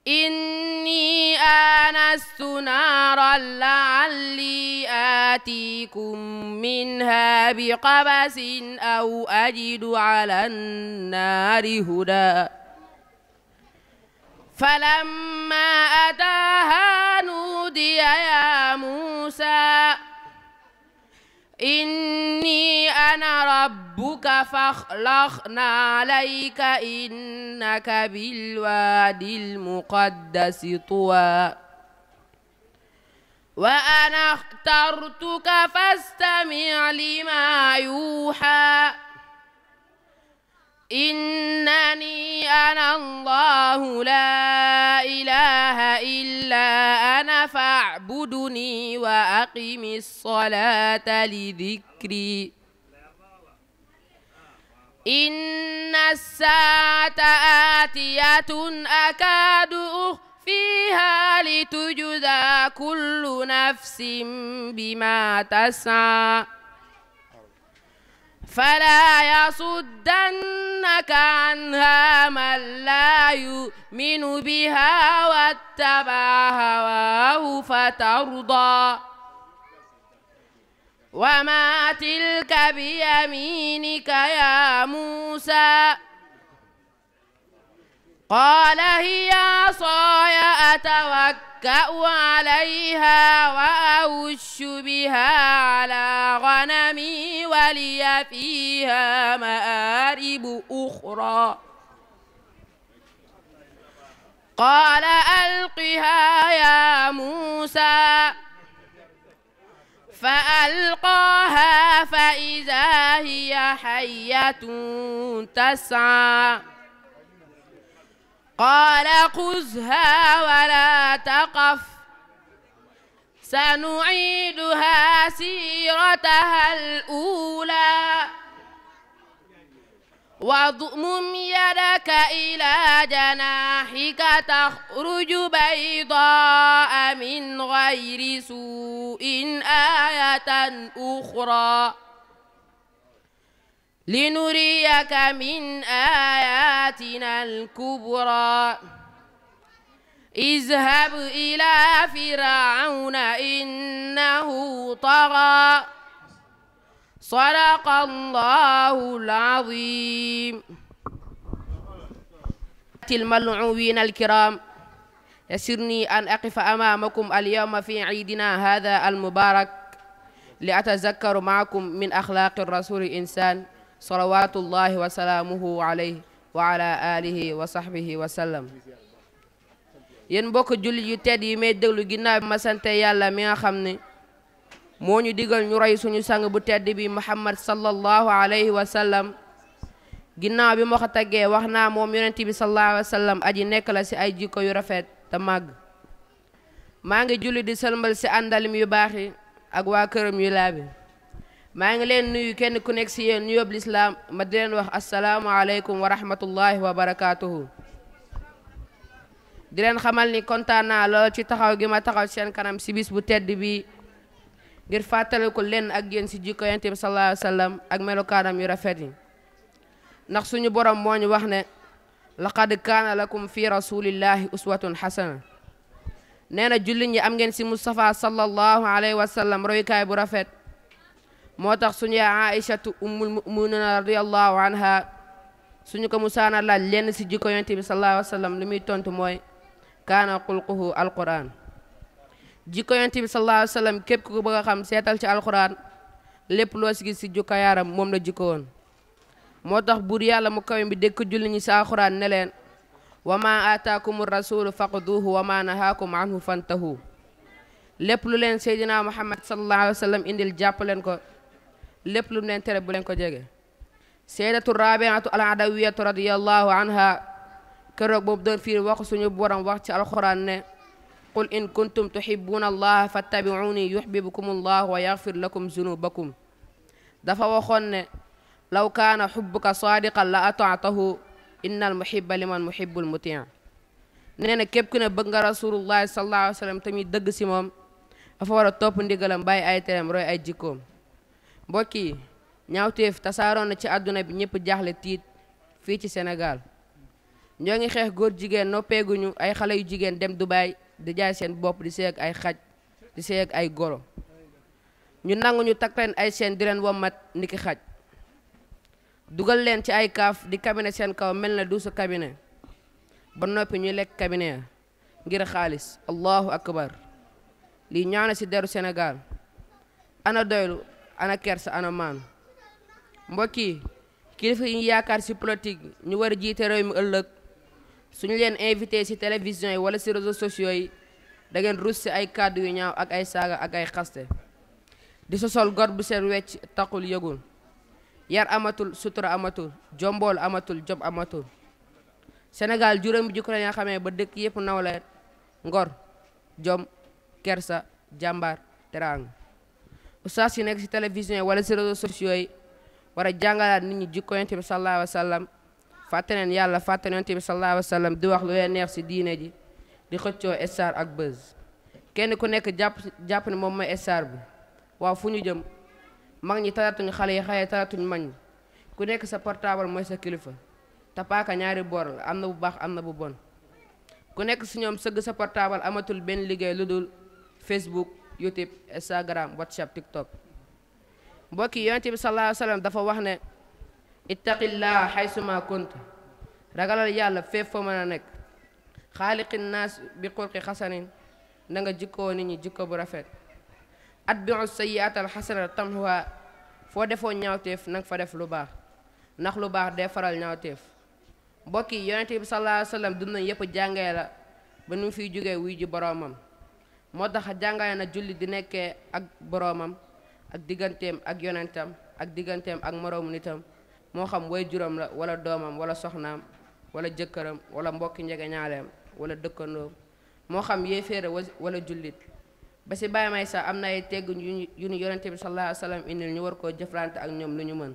إني آنست نارا لعلي آتيكم منها بقبس أو أجد على النار هدى فلما أتاها نودي يا موسى إني أنا ربك فاخلعنا عليك إنك بالوادي المقدس طوى وأنا اخترتك فاستمع لما يوحى إنني أنا الله لا إله إلا أنا فاعبدني وأقم الصلاة لذكري إن الساعة آتية أكاد أخفيها لتجزى كل نفس بما تسعى فلا يصدنك عنها من لا يؤمن بها واتبع هواه فترضى وما تلك بيمينك يا موسى قال هي عصاي أتوكل أركأ عليها وأوش بها على غنمي ولي فيها مآرب أخرى قال ألقها يا موسى فألقاها فإذا هي حية تسعى qaala xuzhaa wala taqaf sanuiiduhaa siiratahaa al-uulaa wadmum yadaka ilaa janaaxika taxruju baydaa'a min gayri suu'in aayatan uxraa لنريك من آياتنا الكبرى اذهب إلى فرعون إنه طغى صدق الله العظيم الملعوبين الكرام يسرني أن أقف أمامكم اليوم في عيدنا هذا المبارك لأتذكر معكم من أخلاق الرسول الإنسان salawaatullahi wa salaamuhu alayhi wa ala alihi wa sahbihi wa sallam yéen mbokk jullit yu tedd yi may déglu ginnaaw bi ma sante yàlla mi nga xam ne moo ñu digal ñu roy suñu sang bu tedd bi muhammad sallallahu alayhi wa sallam ginnaaw bi ma ko wax naa moom yonent bi sallallahu alayhi wa sallam aji nekk la ci ay jikko yu rafet te màgg maa ngi julli di sëlmal ci àndalim yu baax ak waa këram yu laabi maa ngi leen nuyu kenn ku nekk ci yéen ñu yóbbu lislaam ma di leen wax asalaamualeykum wa rahmatullahi wa barakaatuhu. di leen xamal ni kontaan naa lool ci taxaw gi ma taxaw seen kanam si bu tedd bi ngir fàttaliku lenn ak yéen ci jikko yonent bi sallallahu alayhi wa sallam ak melokaanam yu rafet yi ndax suñu borom moo ñu wax ne laqad kaana lakum fi rasulillahi uswatun xasana nee na jullit ñi am ngeen si Mustafa sallallahu alayhi wa sallam royukaay bu rafet moo tax suñu yaay aïchatu ummul muminina radiallahu anha suñu ko musaana laaj lenn si jikko yonent bi sallallahu alayhi sallam lu muy tontu mooy kaana xulquhu alquran jikko yonent bi sallallahu alayhi képp ku bëgg xam seetal ci alquran lépp loo si gis si jukka yaaram moom la jikko woon moo tax buur yàlla mu kawe bi dëkk julli ñi sa alquran ne wa ma aataakum rasulu faquduhu wa ma nahaakum anhu fantahu lépp lu leen seydina muhammad sallallahu wa sallam indil jàpp leen ko lépp lu mu leen tere bu leen ko jege seydatu anha keroog boobu doon fiir wax suñu borom wax ci alxuraan ne qul in kuntum tuhibuuna allaha fattabiuni yuxbibukum allah wa yaxfir lakum zunubakum dafa waxoon ne law kaana saadiqan la ataatahu inna al liman muhibu l mutia nee na képp ku ne bëgg nga dëgg si moom dafa war a topp ndigalam bàyyi ay tereem mbokk yi ñaawteef tasaaroon na ci àdduna bi ñëpp jaaxle tiit fii ci senegaal ñoo ngi xeex góor jigéen noppeeguñu ay xale yu jigéen dem Dubaay di jaay seen bopp di seeg ay xaj di seeg ay golo ñu nangu ñu takk leen ay seen di leen wommat niki xaj dugal leen ci ay kaaf di cabine seen kaw mel na duusu cabine ba noppi ñu lekk cabine ya ngir xaalis allahu akbar lii ñaana ci deru senegaal ana doylu ana kersa ana maanu mbokk yi kilifa yi ñu yaakaar ci politique ñu war a jiite réew mi ëllëg suñu leen invité ci télévision yi wala ci réseaux sociaux yi da ngeen rus ci ay kàddu yu ñaaw ak ay saaga ak ay xaste di sosol gor bu seen wecc taxul yëgul yar amatul sutura amatul jombool amatul job amatul senegal juróom jikko la nga xamee ba dëkk yépp nawle ngor jom kersa jàmbar teraanga oustaz yu nekk si télévision yi wala ci réseaux sociaux yi war a jàngalaat nit ñi jikko yonent bi sallallahu alayhi fàtte neen yàlla fàtte yonent bi sallallahu alayhi di wax lu leen neex si diine ji di xëccoo star ak buzz kenn ku nekk jàpp jàpp ne moom mooy star bi waaw fu ñu jëm mag ñi taratuñ xale yi xale yi taratuñ mag ñi ku nekk sa portable mooy sa kilifa te paaka ñaari boor la am na bu baax am na bu bon ku nekk si ñoom sëgg sa portable amatul benn liggéey lu dul Facebook youtube instagram whatsapp tiktok mbokk yi yonent bi dafa wax ne ittaqillaa xaysuma kunt ragalal yàlla fépp fa mën a nekk xaaliqi naas bi xulqi xasanin na nga jikkoo nit ñi jikko bu rafet at atbiu sayyi'atal xasana tamhuha foo defoon ñaawteef nanga fa def lu baax ndax lu baax day faral ñaawteef mbokk yi yonent bi sallallahu alayhi wa sallam dund yépp jàngee la ba nu fiy jógee wuy ji boroomam moo tax jàngale na julli di nekke ak boroomam ak digganteem ak yonentam ak digganteem ak moroomu nitam moo xam way juram la wala doomam wala soxnaam wala jëkkëram wala mbokki njege ñaaleem wala dëkkandoom moo xam yéeféere wala jullit ba ci bàyyi may sax am na ay tegg yu ñu yonente bi sallallahu alayhi wa sallam indil ñu war koo jëflante ak ñoom lu ñu mën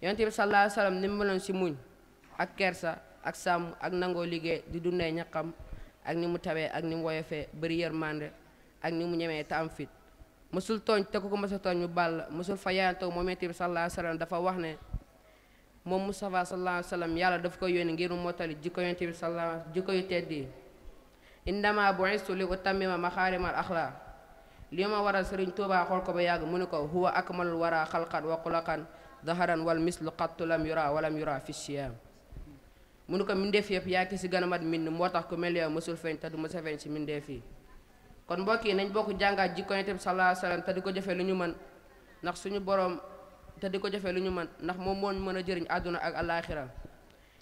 yonente bi sallallahu alayhi wa sallam ni meloon ci muñ ak kersa ak sàmm ak nangoo liggéey di dundee ñaqam ak ni mu tawee ak ni mu woyofee bëri yërmande ak ni mu ñemee te am fit mësul tooñ te ku ko mësa tooñ mu bàll mësul fa yaantoo moom yonent bi sallallahu alayhi dafa wax ne moom Moustapha yàlla dafa ko yónni ngir mu mottali jikko yonent bi sallallahu jikko yu tedd yi indama bu'istu li utammima maxaarimal axlaa li ma waral Sëriñ Tuubaa xool ko ba yàgg mu ne ko huwa akmalul wara xalqan wa xulaqan daharan wal mislu qattu lam yura walam yura fi mu ne ko mbindeef yëpp yaa ngi ci gën mat mbind moo tax ku mel ni yow mësul feeñ te du mës a ci mbindeef yi kon mbokk yi nañ bokk jàngaat jikko Yonent bi sallallahu te di ko jëfee lu ñu mën ndax suñu boroom te di ko jëfee lu ñu mën ndax moom moo mën a jëriñ àdduna ak àllaaxira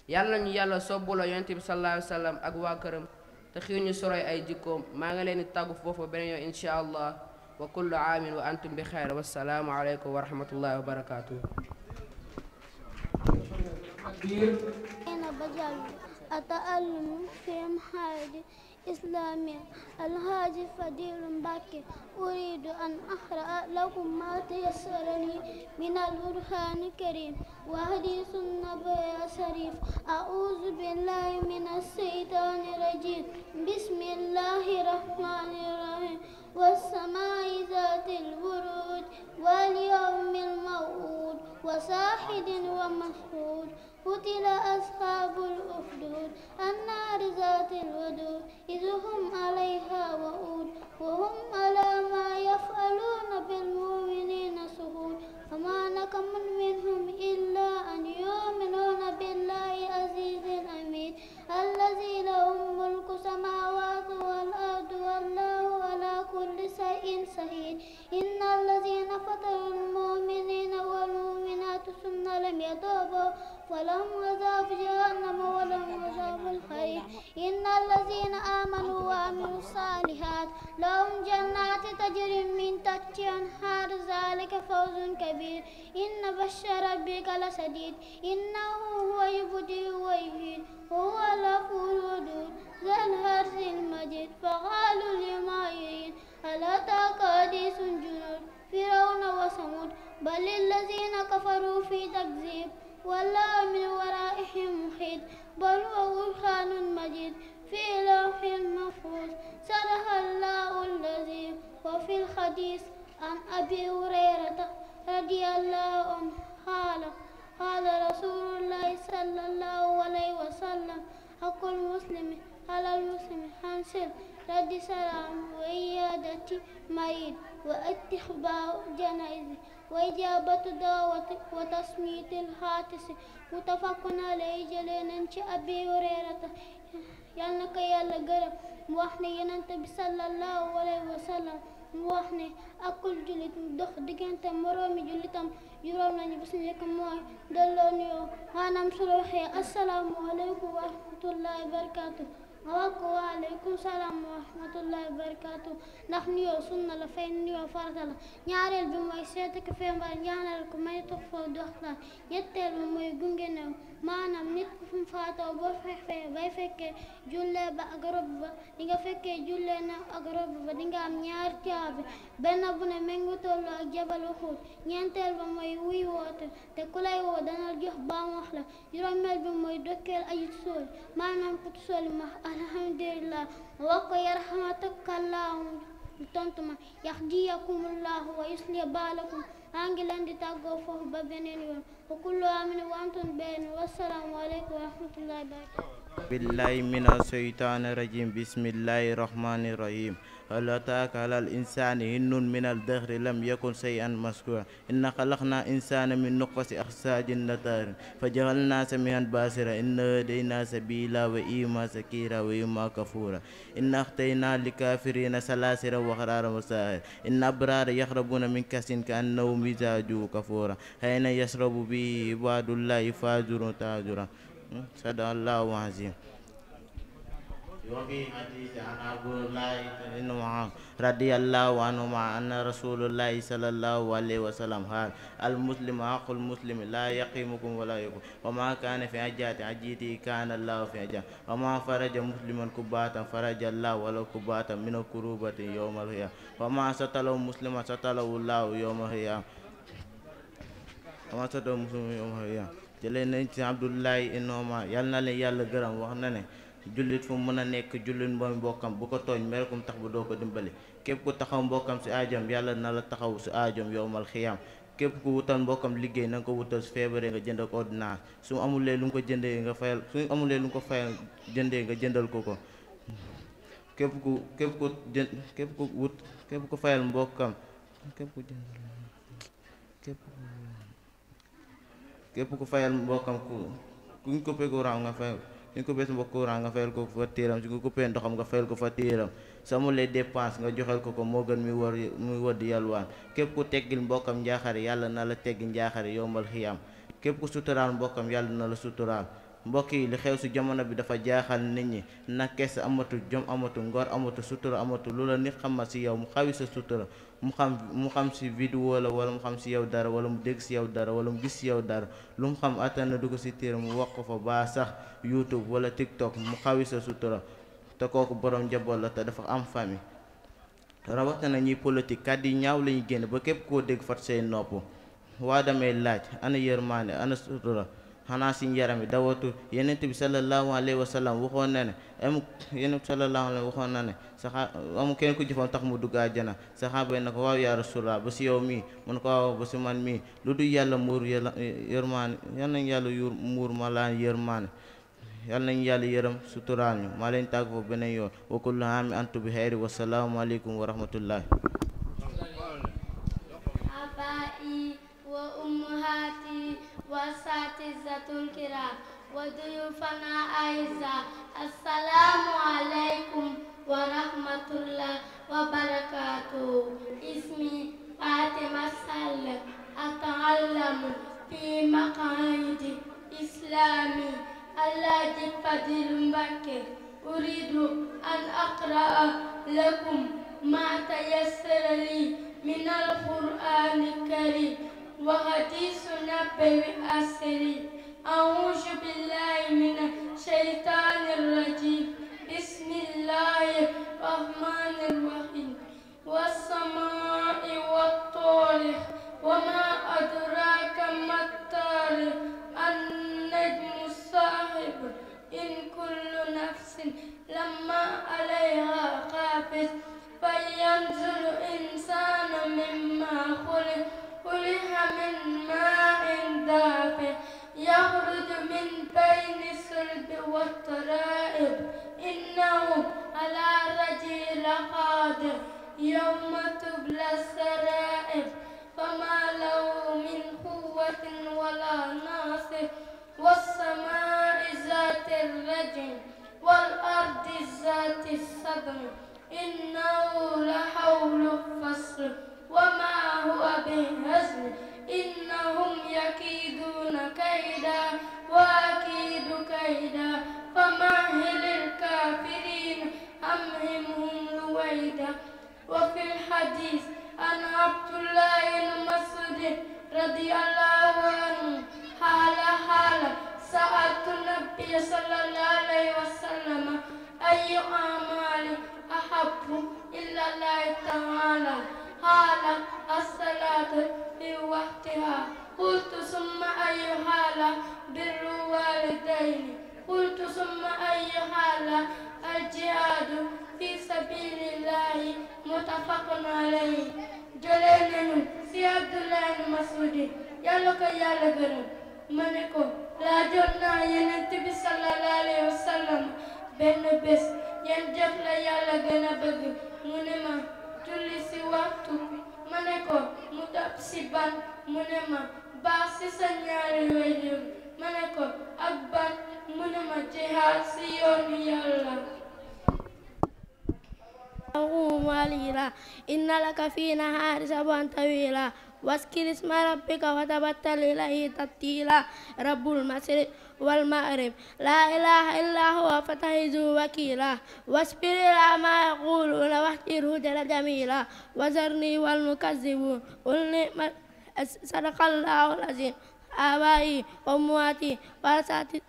yàlla nañu yàlla sobbuloo Yonent bi sallallahu wa sallam ak waa këram te xiir ñu soroy ay jikkoom maa ngi leen di tàggu foofu beneen yoon incha allah wa kullu aamin wa antum bi xeyr wasalaamu aleykum wa rahmatullahi wa barakatuh biir ina bajal ataalum fi manhaj islami alhaji fadilu mbàkke uridu an aqraa lakum ma tayassara li min al-qur'ani karim wa hadi sunnabiyyi sharif a'udhu billahi minash shaytanir rajim bismillahir rahmanir rahim was-samaa'i zaatil buruj wal yawmil maw'ud wa saahidin wa mashhud قتل أصحاب الأخدود النار ذات الودود إذ هم عليها وؤود وهم على ما يفعلون بالمؤمنين سهود وما نكمن منهم إلا أن يؤمنون بالله العزيز الأمين الذي له ملك السماوات والأرض والله كل شيء صحيح إن الذين فتنوا المؤمنين والمؤمنات ثم لم يتوبوا فلهم عذاب جهنم ولهم عذاب الحريق إن الذين آمنوا وعملوا الصالحات لهم جنات تجري من تحتها أنهار ذلك فوز كبير إن بشر ربك لشديد إنه هو يبدئ ويعيد وهو الغفور الودود ذا الهرس المجيد فقالوا لما يريد هل أتاك حديث جنود فرعون وثمود بل الذين كفروا في تكذيب والله من ورائهم محيط بل هو برهان مجيد في لوح محفوظ صدق الله الذي وفي الحديث عن أبي هريرة رضي الله عنه قال قال رسول الله صلى الله عليه وسلم حق المسلم على المسلم حنسل رد سلام وإيادة مريض واتخبار جنائز وإجابة دعوة وتصميت الحادث متفق عليه jëlee nañ ci Abi Hurayrata yal na ko yàlla gërëm mu wax ne Yonent bi sallallahu alayhi wa sallam mu wax ne akul jullit mu dox diggante moroomi jullitam juróom lañu bis njëkk mooy delloo nuyoo maanaam su la waxee assalaamu alaykum wa rahmatullahi wa waaw waaleykum salaam wa rahmatullahi barakaatu ndax nuyoo sunna la fay nuyoo farata la ñaareel bi mooy seet ak feebar ñaanal ko may tox foofu dox la ñetteel bi mooy gunge néew maanaam nit ku fi mu faatoo boo fexe bay fekkee jullee ba ak rob ba di fekkee jullee na ak rob ba di am ñaar caabi benn bu ne méngu tollu ak jabalu xuut ñeenteel ba mooy wuy woote te ku lay woo dana jox baam wax la juróomeel bi mooy dokkeel aji sóoli maanaam ku sóoli ma alhamdulillah wax ko yarxamatakallaahu tontu ma yax diyakumullahu wa yusli baalakum maa ngi leen di tàggoo foofu ba beneen yoon wa kullu amin wa antum benn wassalaamu aleykum wa rahmatullahi wa barakatuh billahi mina seytaani rajim bismillahi rahmani rahim هل أتاك على الإنسان هن من الدهر لم يكن شيئا مذكورا إنا خلقنا إنسانا من نطفة أخشاج نتار فجعلناه سميعا بصيرا إنا هديناه سبيلا وإما شكورا وإما كفورا إنا أعطينا للكافرين سلاسل وغرارا وسائر إن أبرار يشربون من كأس كأنه مزاجه كفورا حين يشرب به عباد الله فاجر تاجرا صدق الله العظيم وبهدي عن عبد الله بن معاذ رضي الله عنهما أن رسول الله صلى الله عليه وسلم قال المسلم أخو المسلم لا يقيمكم ولا يقوم وما كان في حاجة عجيته كان الله في حاجة وما فرج مسلما كباتا فرج الله ولو كباتا من كروبة يوم القيامة وما ستله مسلما ستله الله يوم القيامة وما ستله مسلما يوم القيامة jëlee nañ ci Abdullahi inoma yal na leen yàlla gërëm wax na ne jullit fu mën a nekk jullit mooy mbokkam bu ko tooñ merekum tax bu doo ko dimbali képp ku taxaw mbokkam si aajom yàlla na la taxaw si aajom yowmal xiyaam képp ku wutal mbokkam liggéey na nga ko wutal su feebaree nga jënd ko ordonnance su amulee lu nga ko jëndee nga fayal su amulee lu nga ko fayal jëndee nga jëndal ko ko képp ku képp ku jënd képp ku wut képp ku fayal mbokkam képp ku jëndal képp ku fayal mbokkam ku kuñ ko pégu raam nga fayal su nga ko bés ba courant nga fayal ko fa téeram su nga coupé ndoxam nga fayal ko fa téeram sa mu les dépense nga joxel ko ko moo gën muy war muy war di yalwaan képp ku teggil mbokkam njaaxare yàlla na la teggil njaaxare yombal xiyam képp ku suturaal mbokkam yàlla na la suturaal mbokk yi li xew si jamono bi dafa jaaxal nit ñi nag kees amatul jom amatul ngor amatu sutura amatul lu la nit xamal si yow mu xawi sa sutura mu xam mu xam si vidéo la wala mu xam si yow dara wala mu dégg si yow dara wala mu gis si yow dara lu mu xam attan na du ko si téere mu wax ko fa baa sax YouTube wala TikTok mu xawi sa sutura te kooku borom njaboot la te dafa am famille rawatina ñuy politique kàddu yi ñaaw la génn ba képp koo dégg fat say nopp waa damay laaj ana yërmaane ana sutura xanaa si yaram bi dawatul yenent bi sallallahu alayhi wa sallam waxoon na ne am yenent bi sallallahu alayhi waxoon na kenn ku jëfam tax mu dugg àjjana saxaaba yi na ko waaw yaa rasulallah ba si yow mii mun ko waaw ba si man mii lu du yàlla muur yërmaane yal ma laan nañ yàlla yërëm suturaal ñu maa leen tàgg foofu beneen yoon wa kullu aami antu bi xeyri wasalaamu aleykum wa والساتذة الكرام وضيوفنا أعزاء السلام عليكم ورحمة الله وبركاته اسمي فاطمة سلم أتعلم في مقاعد إسلامي الذي فضيل مكة أريد أن أقرأ لكم ما تيسر لي من القرآن الكريم وحديثنا بأسري أعوذ بالله من الشيطان الرجيم بسم الله الرحمن الرحيم والسماء والطارق وما أدراك ما الطارق النجم الصاحب إن كل نفس لما عليها قابض فلينظر الإنسان مما خلق خلق من ماء دافئ يخرج من بين الصلب والترائب إنه على رجل لقادر يوم تبلى السرائر فما له من قوة ولا ناصر والسماء ذات الرجم والأرض ذات الصدم إنه لحول فصل وما هو بالهزل إنهم يكيدون كيدا وأكيد كيدا فمهل الكافرين أمهمهم رويدا وفي الحديث عن عبد الله بن مسعود رضي الله عنه حال حال سألت النبي صلى الله عليه وسلم أي أعمال أحب إلا الله تعالى حال الصلاة في وقتها قلت ثم أي حال بر والدين قلت ثم أي حال الجهاد في سبيل الله متفق عليه jëlee nañu si Abdoulaye Masoudi yàlla ko yàlla gërëm ma ne ko laajoon naa Yonent bi sallallahu alayhi wa sallam benn bés yan jëf la yàlla gën a bëgg mu ne ma julli si waxtu ma mu dab si mu ne ma baax si sa ñaari wéyjur ma mu ne ma jihaad si yoonu yàlla وليلا إن لك في نهار سبعا طويلا واذكر اسم ربك وتبتل إليه تبتيلا رب المشرق والمأرب لا إله إلا هو فاتخذوه وكيلا واصبر إلى ما يقولون واهجره هجرا جميلا وذرني والمكذبون قل نعم صدق الله العظيم آبائي وأمواتي ورثاتي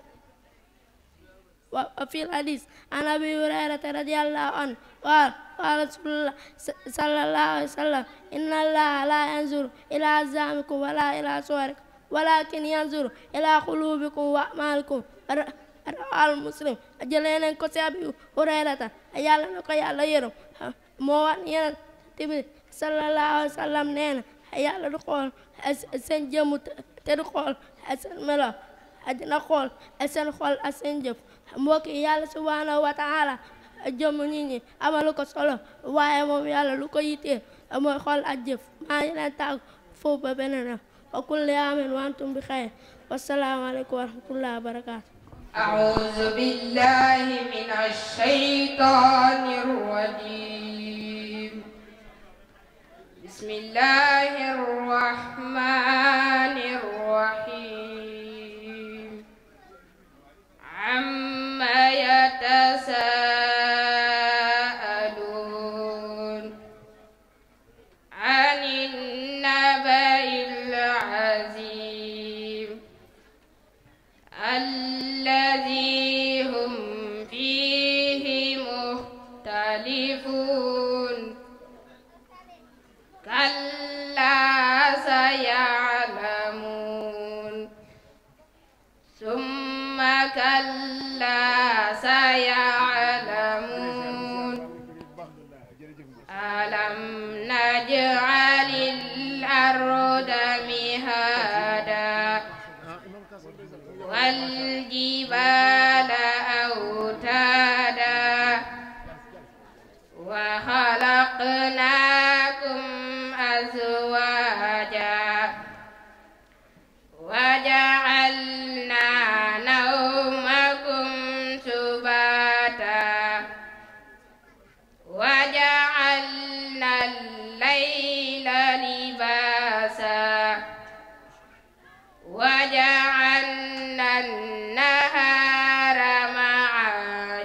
وفي الحديث عن أبي هريرة رضي الله عنه قال قال رسول الله صلى الله عليه وسلم إن الله لا ينظر إلى أجسامكم ولا إلى صوركم walakin yanzuru ila qulubikum wa amalikum rawal muslim jëlee nañ ko ci abi hurayrata yàlla na ko yàlla yërëm moo wax yonent bi sallallahu alayhi wa sallam yàlla du xool seen jëmm te du xool seen melo dina xool seen xol ak seen jëf mbokk yi yàlla subhanahu wa taala jëmm nit ñi amalu ko solo waaye moom yàlla lu ko yittee mooy xol ak jëf maa ngi tàgg foofu ba beneen wa kulli aamin wa antum bi xayr wassalaamu aleykum wa rahmatullahi wa barakaatu أعوذ بالله من الشيطان الرجيم بسم الله الرحمن الرحيم عما يتساءل Bye.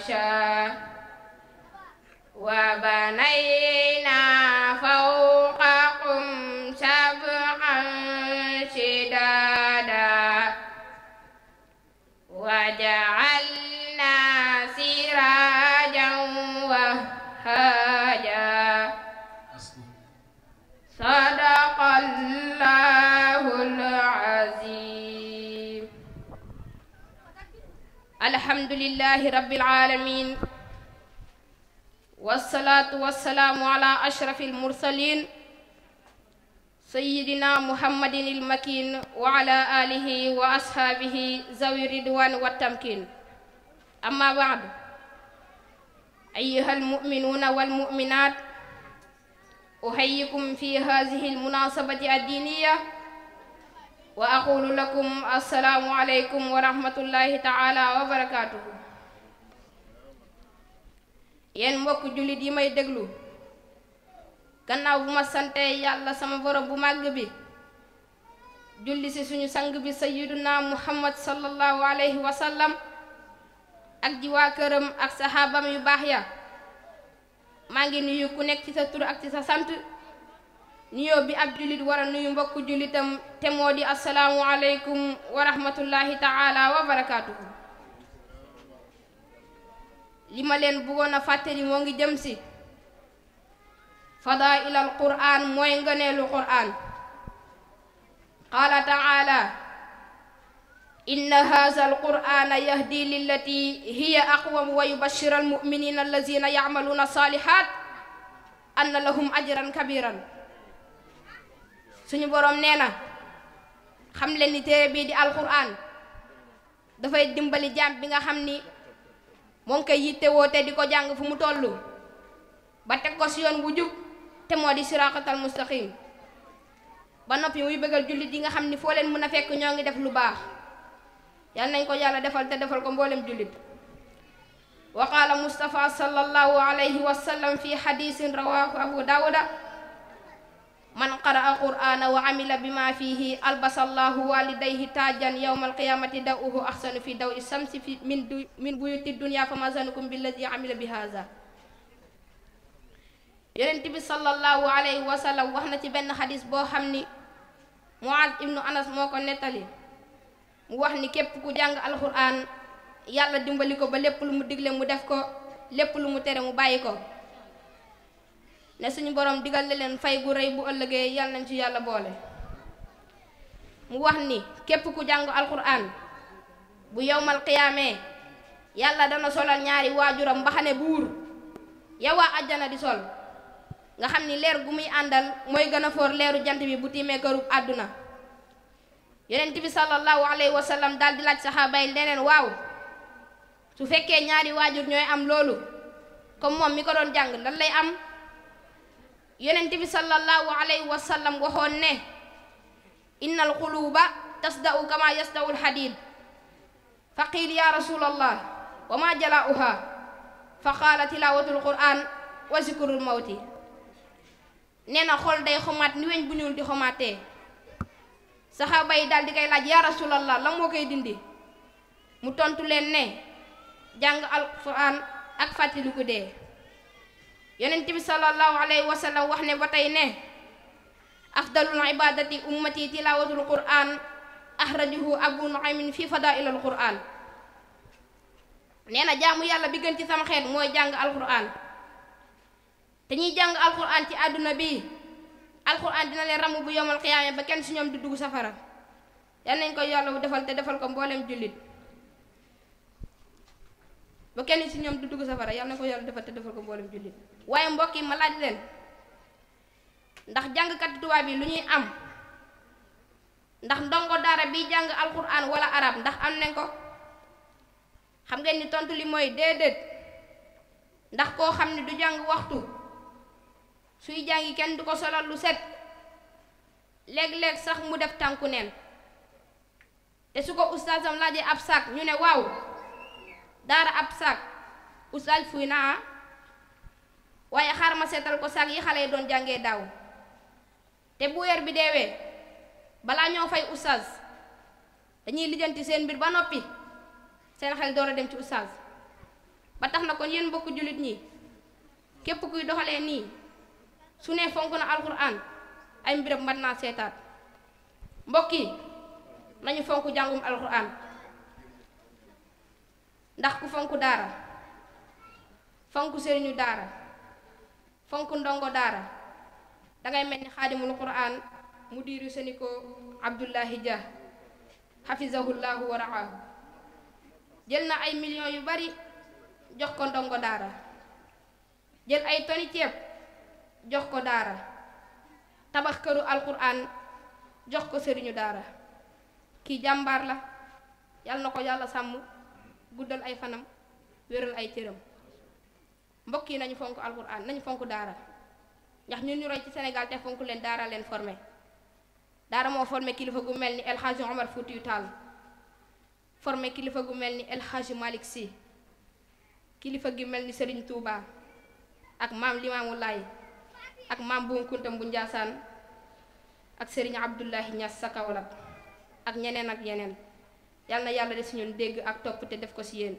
ciao alhamdulillahi rabbil alamin wasalaatu wasalaamu ala ashraf almursalin sayidina muhammadin ilmakin wa ala alihi wa ashaabihi zawi ridwan wa tamkin amma baad ayuha almuminuuna walmuminat uhayikum fi hadihi almunasabati addiiniya wa aqulu lakum assalaamu aleykum wa rahmatullahi taala wa barakaatuhu yéen mbokk jullit yi may déglu gannaaw bu ma sante yàlla sama borom bu màgg bi julli ci suñu sang bi sayyiduna muhammad sallallahu alayhi wa ak ji këram ak saxaabam yu baax ya maa ngi nuyu ku nekk ci sa tur ak ci sa sant nuyoo bi ab jullit war a nuyu mbokku jullitam te moo di aleykum wa rahmatullahi taala wa barakaatuhu li leen bëggoon a fàttali moo ngi jëm si fadailal qur'an mooy ngëneelu qur'an qaala taala inna haza al qur'ana yahdi lillati hiya aqwam wa yubashira almuminina allazina yacmaluuna salihat anna lahum ajran kabiran suñu boroom nee na xam leen ni téere bii di alxuraan dafay dimbali jaam bi nga xam ni moo ngi koy yittewoo te di ko jàng fu mu toll ba teg ko si yoon wu jub te moo di siraatal mustaqim ba noppi muy bëggal jullit yi nga xam ni foo leen mën a fekk ñoo ngi def lu baax yal nañ ko yàlla defal te defal ko mboolem jullit wa qaala Mustafa sallallahu alayhi wa sallam fi xadiisin rawaahu abu daawuda man qaraa alqur'ana wa amila bima fihi albasa allahu walidayhi taajan yawma alqiyamati daw uhu ahsanu fi daw i samsi fi min du min buyuti dunya fa mazanukum billadi amila bi haza yonent bi sallallahu alayhi wax na ci benn xadis boo xam ni muaz ibnu anas moo ko nettali mu wax ni képp ku jàng alqur'an yàlla dimbali ko ba lépp lu mu digle mu def ko lépp lu mu tere mu bàyyi ko ne suñu borom digal na leen fay gu rëy bu ëllëgee yàlla nañ ci yàlla boole mu wax ni képp ku jàng alquran bu yowmal qiyaamee yàlla dana solal ñaari waajuram mbaxane buur yow waa àjjana di sol nga xam ni leer gu muy àndal mooy gën a foor leeru jant bi bu tiimee kërub àdduna yonent bi sallallahu alayhi wa sallam daal di laaj saxaaba yi leneen waaw su fekkee ñaari waajur ñooy am loolu comme moom mi ko doon jàng lan lay am yonent bi sallallahu alayhi wa sallam waxoon ne inna alquluuba tasda'u kama yasda'u alhadid fa qiil ya rasul wa ma jala'uha fa qaala tilawatu alquran wa zikrul mawti nee na xol day xomaat ni weñ bu ñuul di xomaatee saxaaba yi daal di koy laaj ya rasul la moo koy dindi mu tontu leen ne jàng alquran ak fàttaliku dee yeneen bi sallallahu alayhi wa sallam wax ne ba tey ne afdalul ibadati ummati tilawatul quran ahrajahu abu nuaymin fi fadailal quran nee na jàmm yàlla bi gën ci sama xeet mooy jàng alquran te ñuy jàng alquran ci àdduna bi alquran dina leen ramu bu yomal xiyaame ba kenn si ñoom du dugg safara yal nañ ko yàlla bu defal te defal ko mbooleem jullit ba kenn si ñoom du dugg safara yal nañ ko yàlla defal te defal ko mboolem jullit waaye mbokk yi ma laaj leen ndax jàngkati tubaab yi lu ñuy am ndax ndongo daara bi jàng alquran wala arab ndax am nañ ko xam ngeen ni tontu li mooy déedéet ndax koo xam ne du jàng waxtu suy jàngi kenn du ko solal lu set léeg-léeg sax mu def tànku neen te su ko ustaasam laajee ab saak ñu ne waaw daara ab saak ustaas fuy naa waaye xaar ma seetal ko saag yi xale yi doon jàngee daaw te bu bi deewee balaa ñoo fay oustaz dañuy lijjanti seen mbir ba noppi seen xel door a dem ci oustaz ba tax na ko yéen mbokku jullit ñi képp kuy doxalee nii su ne fonk na alquran ay mbiram mën naa seetaat mbokk yi nañu fonk jàngum alquran ndax ku fonk daara fonk ñu daara fonk ndongo daara dangay mel ni xaadimul quraan mu diiru seniko abdullahi dia xafizahullahu wa raahu jël na ay million yu bari jox ko ndongo daara jël ay toni ceeb jox ko daara tabax këru alquran jox ko sëriñu daara kii jàmbaar la yàlla na ko yàlla sàmm guddal ay fanam wéral ay cëram mbokk yi nañu fonk alxuraan nañu fonk daara ndax ñu ñu roy ci Sénégal te fonk leen daara leen formé daara moo formé kilifa gu mel ni El Hadji Omar kilifa gu mel ni El Hadji Malick kilifa gi mel ni Serigne Touba ak maam Limaamu Laay ak maam Buum Kuntam bu Njaasaan ak Serigne Abdoulahi Niass sa Kaolack ak ñeneen ak yeneen yal na yàlla def si ñun dégg ak topp te def ko si yéen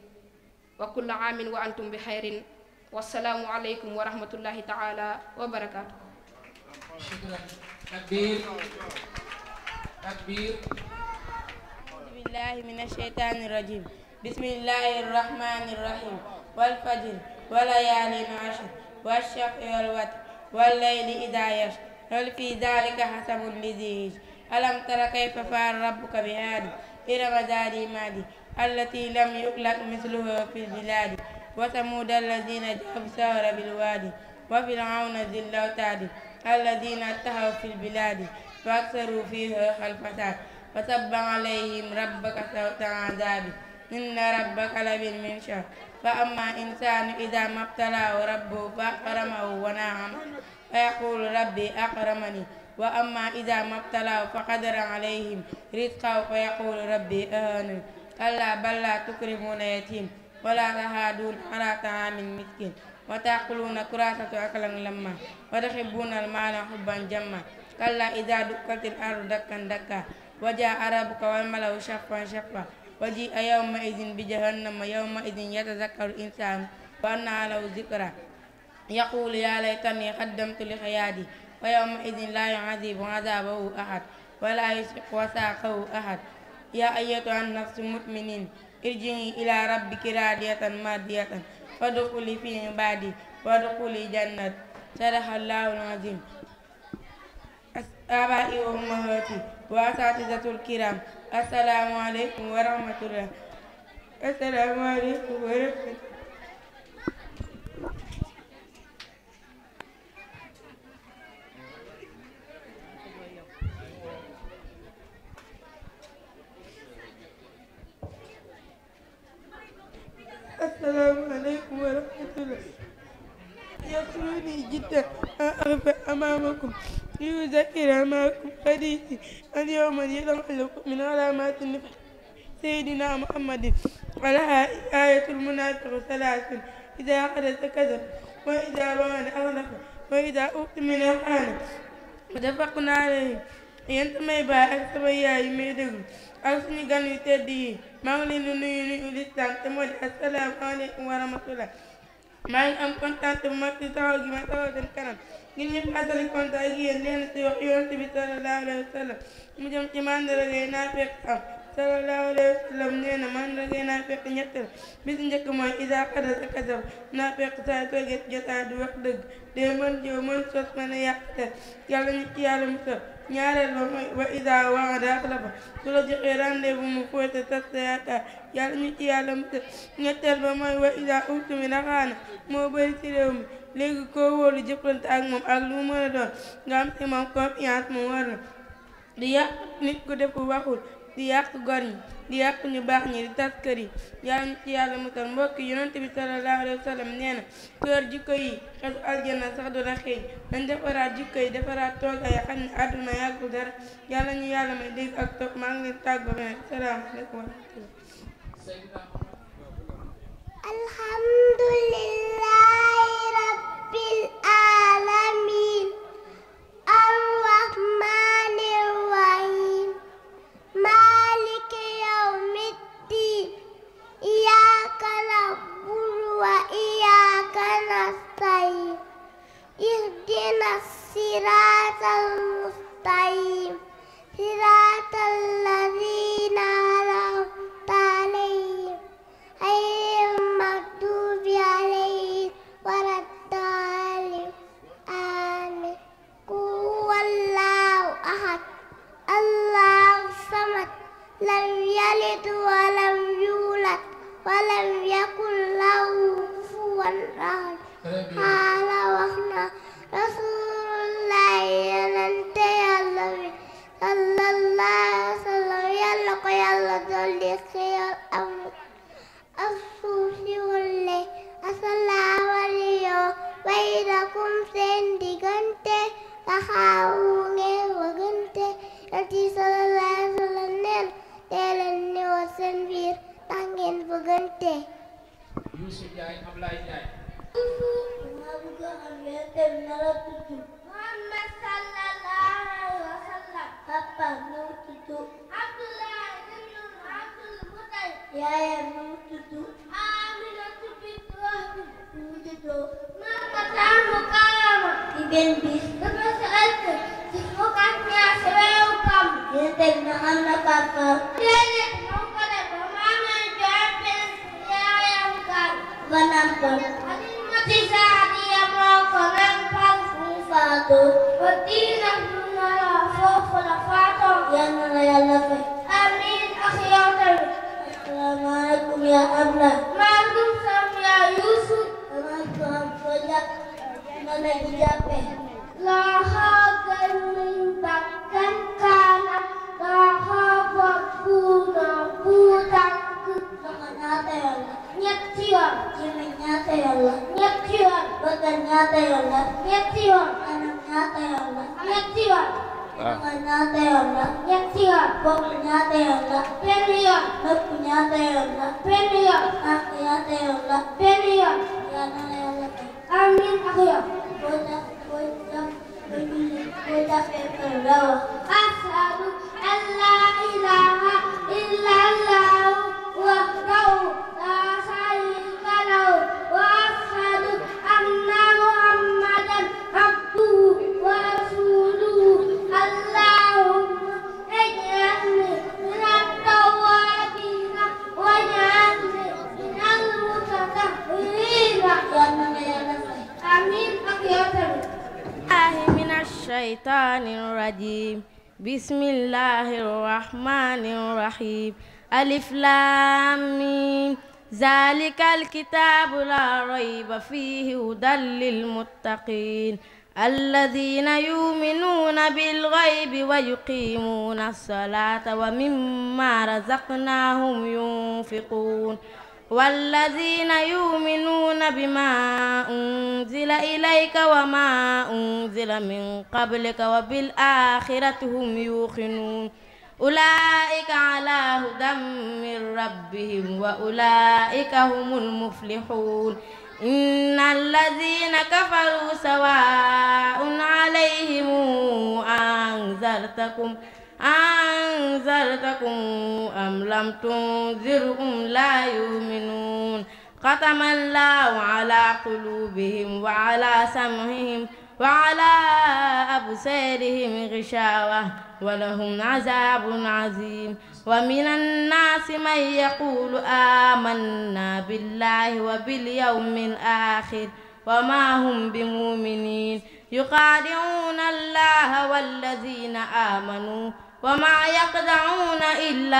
wa kullu aamin wa antum bi xayrin wasalaamu aleykum wa rahmatullahi taala wa barakaatu takbir takbir billahi min asheytaani rajim bismillahi rahmani rahim walfajr walayaalin ashr walshaf'i walwatr wallayli idaa yashr hal fi daalika hasabun lidhiij alam tara kayfa fa'ala rabbuka bi aadi irama daadi maadi allati lam yuklak mithluha fi l-bilaadi وثمود الذين جاءوا بالثور بالوادي وفرعون ذي الأوتاد الذين اتهوا في البلاد فأكثروا فيها الفساد فتب عليهم ربك سوط عذاب إن ربك لبالمرصاد فأما الإنسان إذا ما ابتلاه ربه فأكرمه ونعم فيقول ربي أكرمني وأما إذا ما ابتلاه فقدر عليهم رزقه فيقول ربي أهانن كلا بل لا تكرمون اليتيم ولا تحاضون على طعام المسكين وتأكلون كراسة أكلا لما وتحبون المال حبا جما كلا إذا دكت الأرض دكا دكا وجاء ربك والملأ شفا شفا وجيء يومئذ بجهنم يومئذ يتذكر الإنسان وأنى له ذكرى يقول يا ليتني قدمت لحياتي ويومئذ لا يعذب عذابه أحد ولا يشق وساقه أحد يا أيتها النفس المطمئنين irji'i ila rabbiki radiyatan mardiyatan fadxuli fi ibadi wadxuli jannat sadaqallahul azim abai wa ummahati wa asatizatul kiram assalaamu aleykum wa rahmatullah assalaamu aleykum wa rahmatullah asalaamaaleykum wa rahmatullah يقتلوني جدا أغفى أمامكم ليذكر أمامكم حديثي اليوم يتملكم من علامات النفاق سيدنا محمد على آية المنافق ثلاث إذا حدث كذب وإذا بان أغلق وإذا أؤتمن خان متفقنا عليه ينتمي بها أكثر يا يميدهم ak suñu gan yu tedd yi maa ngi leen di nuyu nuyu lislaam te moo di asalaamaaleykum wa rahmatullah maa ngi am kontaan mag ci taxaw gi ma taxaw seen kanam ngir ñu leen ci wax yonent bi sallallahu alayhi mu jëm ci mandarga yi naa fekk am sallallahu alayhi wa sallam nee na mandarga yi naa njëkk mooy idaa xadasa kasab naa fekk saa toogee jotaay du wax dëgg day mën jëw mën sos mën a yàq te yàlla ñu ci yàlla musal ñaareel ba mooy wa ida waada axlafa su la joxee rendez-vous mu fóote tas sa yaakaar yàlla ñu ci yàlla mu tëj ñetteel ba mooy wa ida urtu mi naxaana moo bëri ci réew mi léegi koo wóolu jëflante ak moom ak lu mu mën a doon nga am si moom confiance mu war di yàq nit ku def waxul di yàq gor ñi di yàq ñu baax ñi di tas kër yi yàlla ñu ci yàlla musal mbokk yonent bi sallallahu alayhi wa sallam nee na kër jikko yi xetu aljanna sax du la xëy dañ defaraat jikko yi defaraat toog ay xam ne àdduna yàggul dara yàlla ñu yàlla may dégg ak toog maa ngi leen tàggoo ba salaamaaleykum wa rahmatullah alhamdulillahi rabbil alamin arrahmanir rahim إياك نعبد وإياك نستعين اهدنا الصراط المستقيم صراط الذين أنعمت عليهم غير المغضوب عليهم ولا الضالين آمين قل هو الله أحد الله الصمد لم يلد ولم يولد ولم يكن له كفوا أحد قال waxna Rasulullah yonente Yàlla bi sallallahu alayhi wa sallam Yàlla ko Yàlla dolli xéewal am suuf si walla asalaamu alaykum baynakum seen diggante taxawu ngeen bëggante dee leen newal seen biir ndax ngeen bëggante. yaayam nu mu tuddu Aminatu bintu Wahb nu mu tuddu Maryamu Karama ci benn bis dafa sant ci fukk ak ñaar si weeru kam yéen teg na am na papa déedéet moom ko def ba maamam joxe benn yaayam kan banam ko Alimatu Saadiya moo ko ren fal mu faatu ba diina foofu la faatoo yal na la yàlla fay معكم يا أمنة معكم سام يا يوسف معكم فجأة من الجبه لا حاجة من بكا كان لا حاجة كونا كونا كونا ñetti yoon jëmee ñaata yoon la ñetti yoon bëgg ñaata yoon la ñetti yoon anam ñaata yoon la ñetti yoon cinyateonna ñetti yoon bopp ñaateonna benn yoon nopp ñaateonna benn yoon tànk ñaateonna benn yoon amiin ak yow boo jàpp boo jàpp ba julli boo jàppee kër la wax ashhadu an laa ilaaha illallaah wahdahu laa الشيطان الرجيم بسم الله الرحمن الرحيم ألف لام ميم ذلك الكتاب لا ريب فيه هدى للمتقين الذين يؤمنون بالغيب ويقيمون الصلاة ومما رزقناهم ينفقون والذين يؤمنون بما أنزل إليك وما أنزل من قبلك وبالآخرة هم يوقنون أولئك على هدى من ربهم وأولئك هم المفلحون إن الذين كفروا سواء عليهم أنذرتكم أنذرتكم أم لم تنذرهم لا يؤمنون ختم الله على قلوبهم وعلى سمعهم وعلى أبصارهم غشاوة ولهم عذاب عظيم ومن الناس من يقول آمنا بالله وباليوم الآخر وما هم بمؤمنين يخادعون الله والذين آمنوا وما يخدعون إلا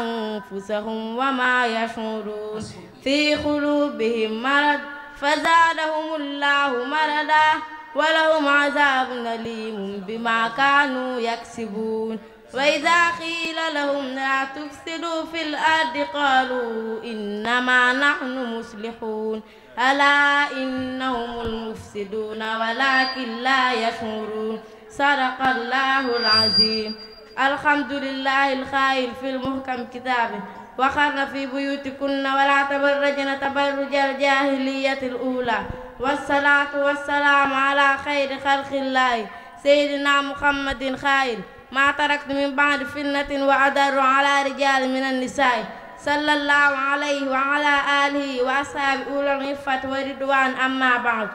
أنفسهم وما يشعرون في قلوبهم مرض فزادهم الله مرضا ولهم عذاب أليم بما كانوا يكسبون وإذا قيل لهم لا تفسدوا في الأرض قالوا إنما نحن مصلحون ألا إنهم المفسدون ولكن لا يشعرون صدق الله العظيم alhamdulillahi alxaayil fi lmuhkam kitaabi waxarna fi buyutikunna wala tabarrajna tabarrujal jaahiliyati l-uulaa wassalaatu wassalaamu ala xayri xalqillaahi seydina muhammadin xaayil maa taraktu min ba'di fitnatin wa adarru ala rijaali min annisaa'i sallallahu alayhi wa ala alihi wa ashaabi ulal iffati wa ridwaan amma ba'd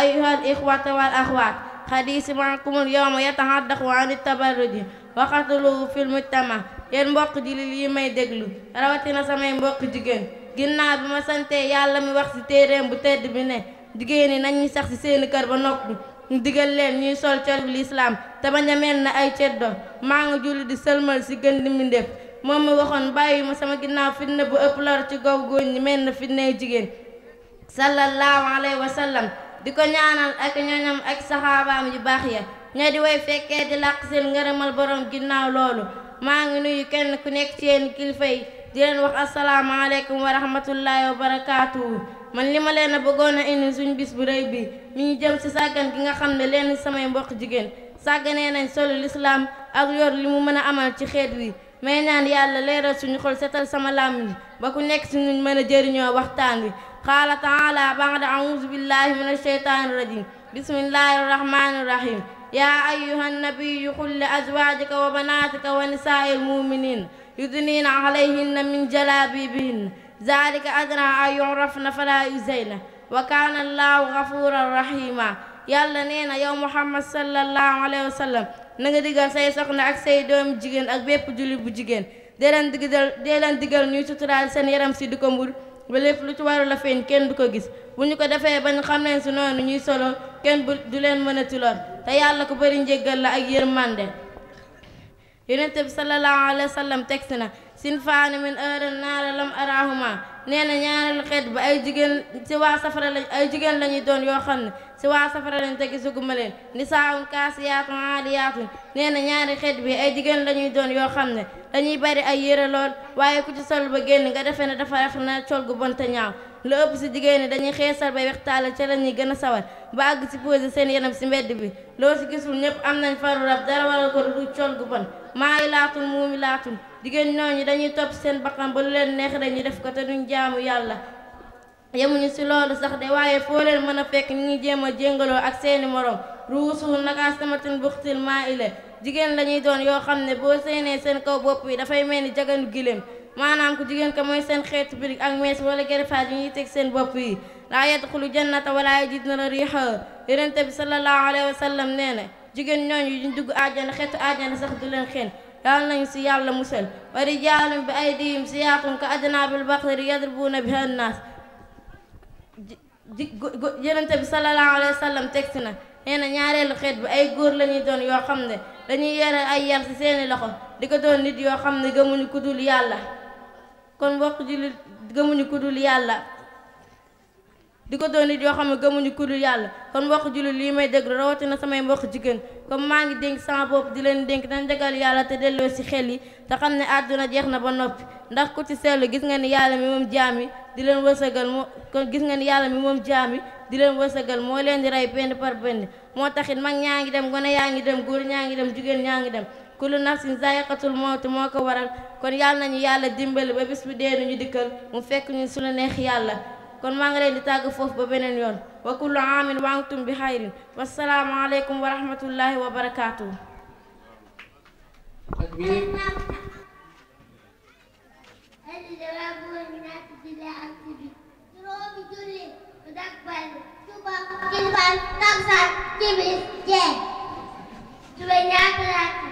ayyuhal ixwata wal axwaat xadiisi maakumul yawma yatahaddaqu an tabarruji waxatulu fil mujtama yéen mbokk jullit yi may déglu rawatina samay mbokk jigéen ginnaaw bi ma santee yàlla mi wax ci téeréem bu tedd bi ne jigéen ñi nañu sax ci seeni kër ba noppi ñu digal leen ñuy sol col bi lislaam te ma a na ay ceddo maa ngi julli di sëlmal ci gën di mbindéef moom mi waxoon bàyyi ma sama ginnaaw fitna bu ëpp lor ci gow góor ñi mel na fitnay jigéen sallallahu alayhi wa sallam di ko ñaanal ak ñoñam ak saxaabaam yu baax ya ña di way fekkee di làq seen ngërëmal borom ginnaaw loolu maa ngi nuyu kenn ku nekk ci yéen kilifa yi di leen wax asalaamaaleykum wa rahmatullahi wa barakaatuhu man li ma leen a bëggoon a indi suñ bis bu rëy bi mi ñu jëm ci sàggan gi nga xam ne leen samay mbokk jigéen sàgganee nañ solu lislaam ak yor li mu mën a amal ci xeet wi may naan yàlla leeral suñu xol setal sama làmm ji ba ku nekk si ñun mën a jëriñoo waxtaan wi qaala taala ba'da a'uuzu billahi min asheytaani rajim bismillahi rahmaani rahim يا أيها النبي قل لأزواجك وبناتك ونساء المؤمنين يدنين عليهن من جلابيبهن ذلك أدنى na يعرفن فلا يزين وكان الله غفورا رحيما yàlla nee na yow muhammad sallallahu alayhi wa sallam na nga digal say soxna ak say doom jigéen ak bépp julli bu jigéen dee leen digal dee leen digal ñuy suturaal seen yaram si di ko mbur ba lépp lu ci waru la feeñ kenn du ko gis bu ñu ko defee ba ñu xam leen si noonu ñuy solo kenn bu du leen mënati lor te yàlla ko bëri njéggal la ak yërmande yonent bi sallallahu alayhi wa sallam teg si na sinfaani min ahli naara lam arahuma nee na ñaareel xeet ba ay jigéen ci waa safara lañ ay jigéen la doon yoo xam ne si waa safara lañ te gisuguma leen nisaawun kaasiyaatun aariyaatun nee na ñaari xeet bi ay jigéen la ñuy doon yoo xam ne dañuy bari ay yëre lool waaye ku ci sol ba génn nga defee ne dafa rafet naa col gu bonte te ñaaw lu ëpp si jigéen ñi dañuy xeesal bay wextaale ca la ñuy gën a sawar ba àgg si posé seen yanam si mbedd bi loo si gisul ñëpp am nañ faru rab dara waral ko lu col gu bon maa ngi laatul muumi laatul jigéen ñooñu dañuy topp seen bakkan ba lu leen neex rek ñu def ko te duñ jaamu yàlla yemuñu si loolu sax de waaye foo leen mën a fekk ñu ngi jéem a jéngaloo ak seeni moroom morom ruusul sama tamatin buxtil maa ile jigéen lañuy doon yoo xam ne boo seenee seen kaw bopp yi dafay mel ni jaganu giléem maanaam ku jigéen ka mooy seen xeetu birig ak mees wala gerefaat yu ñuy teg seen bopp yi laa yadxulu jannata wala yajiduna riixa yonent bi sallallahu alayhi sallam nee na jigéen ñooñu duñ dugg àjjana xeetu àjjana sax du leen xeen yàlla si yàlla musal wa rijaalun bi aydihim siyaaqun ka ajnaabil baqri yadribuuna biha nnaas yonent bi sallallahu alayhi sallam teg si na nee na ñaareelu xeet bi ay góor lañuy doon yoo xam ne dañuy yore ay yar si seeni loxo di ko doon nit yoo xam ne gëmuñu ku dul yàlla kon mbokk jullit gëmuñu ku dul yàlla di ko doon nit yoo xam ne gëmuñu ku yàlla kon mbokk jullit lii may déglu rawatina samay mbokk jigéen comme maa ngi dénk sama bopp di leen dénk nañ jagal yàlla te delloo ci xel yi te xam ne àdduna jeex na ba noppi ndax ko ci seetlu gis nga ni yàlla mi moom jaam yi di leen wërsëgal moo kon gis nga ni yàlla mi moom jaam yi di leen wërsëgal moo leen di rey benn par benn moo taxit mag ñaa ngi dem gone yaa ngi dem góor ñaa ngi dem jigéen ñaa ngi dem kullu nafsin zaiqatul mawt moo ko waral kon yàlla nañu yàlla dimbali ba bis bi deenu ñu dikkal mu fekk ñu su la neex yàlla kon maa ngi leen di tàgg foofu ba beneen yoon wa kullu aamin wa antum bi xayrin wasalaamu aleykum wa wa barakaatuhu Subay ñaata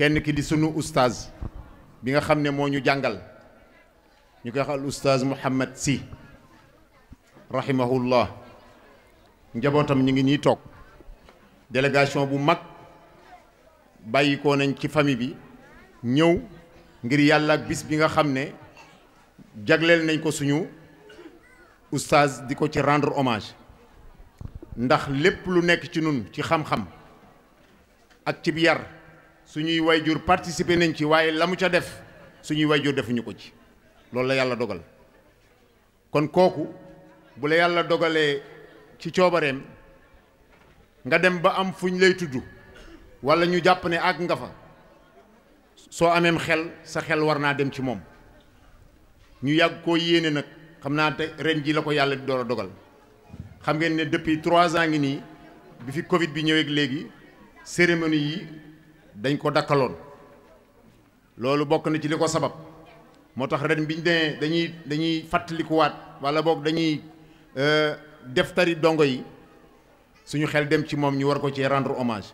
kenn ki di sunu oustaz bi nga xam ne moo ñu jàngal ñu koy xal oustaz Mouhamed Sy rahimahullah njabootam ñu ngi nii toog délégation bu mag bàyyi nañ ci famille bi ñëw ngir yàlla ak bis bi nga xam ne jagleel nañ ko suñu oustaz di ko ci rendre hommage ndax lépp lu nekk ci nun ci xam-xam ak ci yar suñuy wayjur participer nañ ci waaye la mu ca def suñuy wayjur defuñu ko ci loolu la yàlla dogal kon kooku bu la yàlla dogalee ci coobareem nga dem ba am fuñ lay tudd wala ñu jàpp ne ak nga fa soo ameem xel sa xel war naa dem ci moom ñu yàgg koo yéene nag xam naa te ren ji la ko yàlla di door a dogal xam ngeen ne depuis trois ans ngi nii bi fi Covid bi ñëwee léegi cérémonie yi. dañ ko dakkaloon loolu bokk na ci li ko sabab moo tax ren biñ demee dañuy dañuy fàttalikuwaat wala boog dañuy euh, def tari dongo yi suñu xel dem ci moom ñu war ko ci rendre omage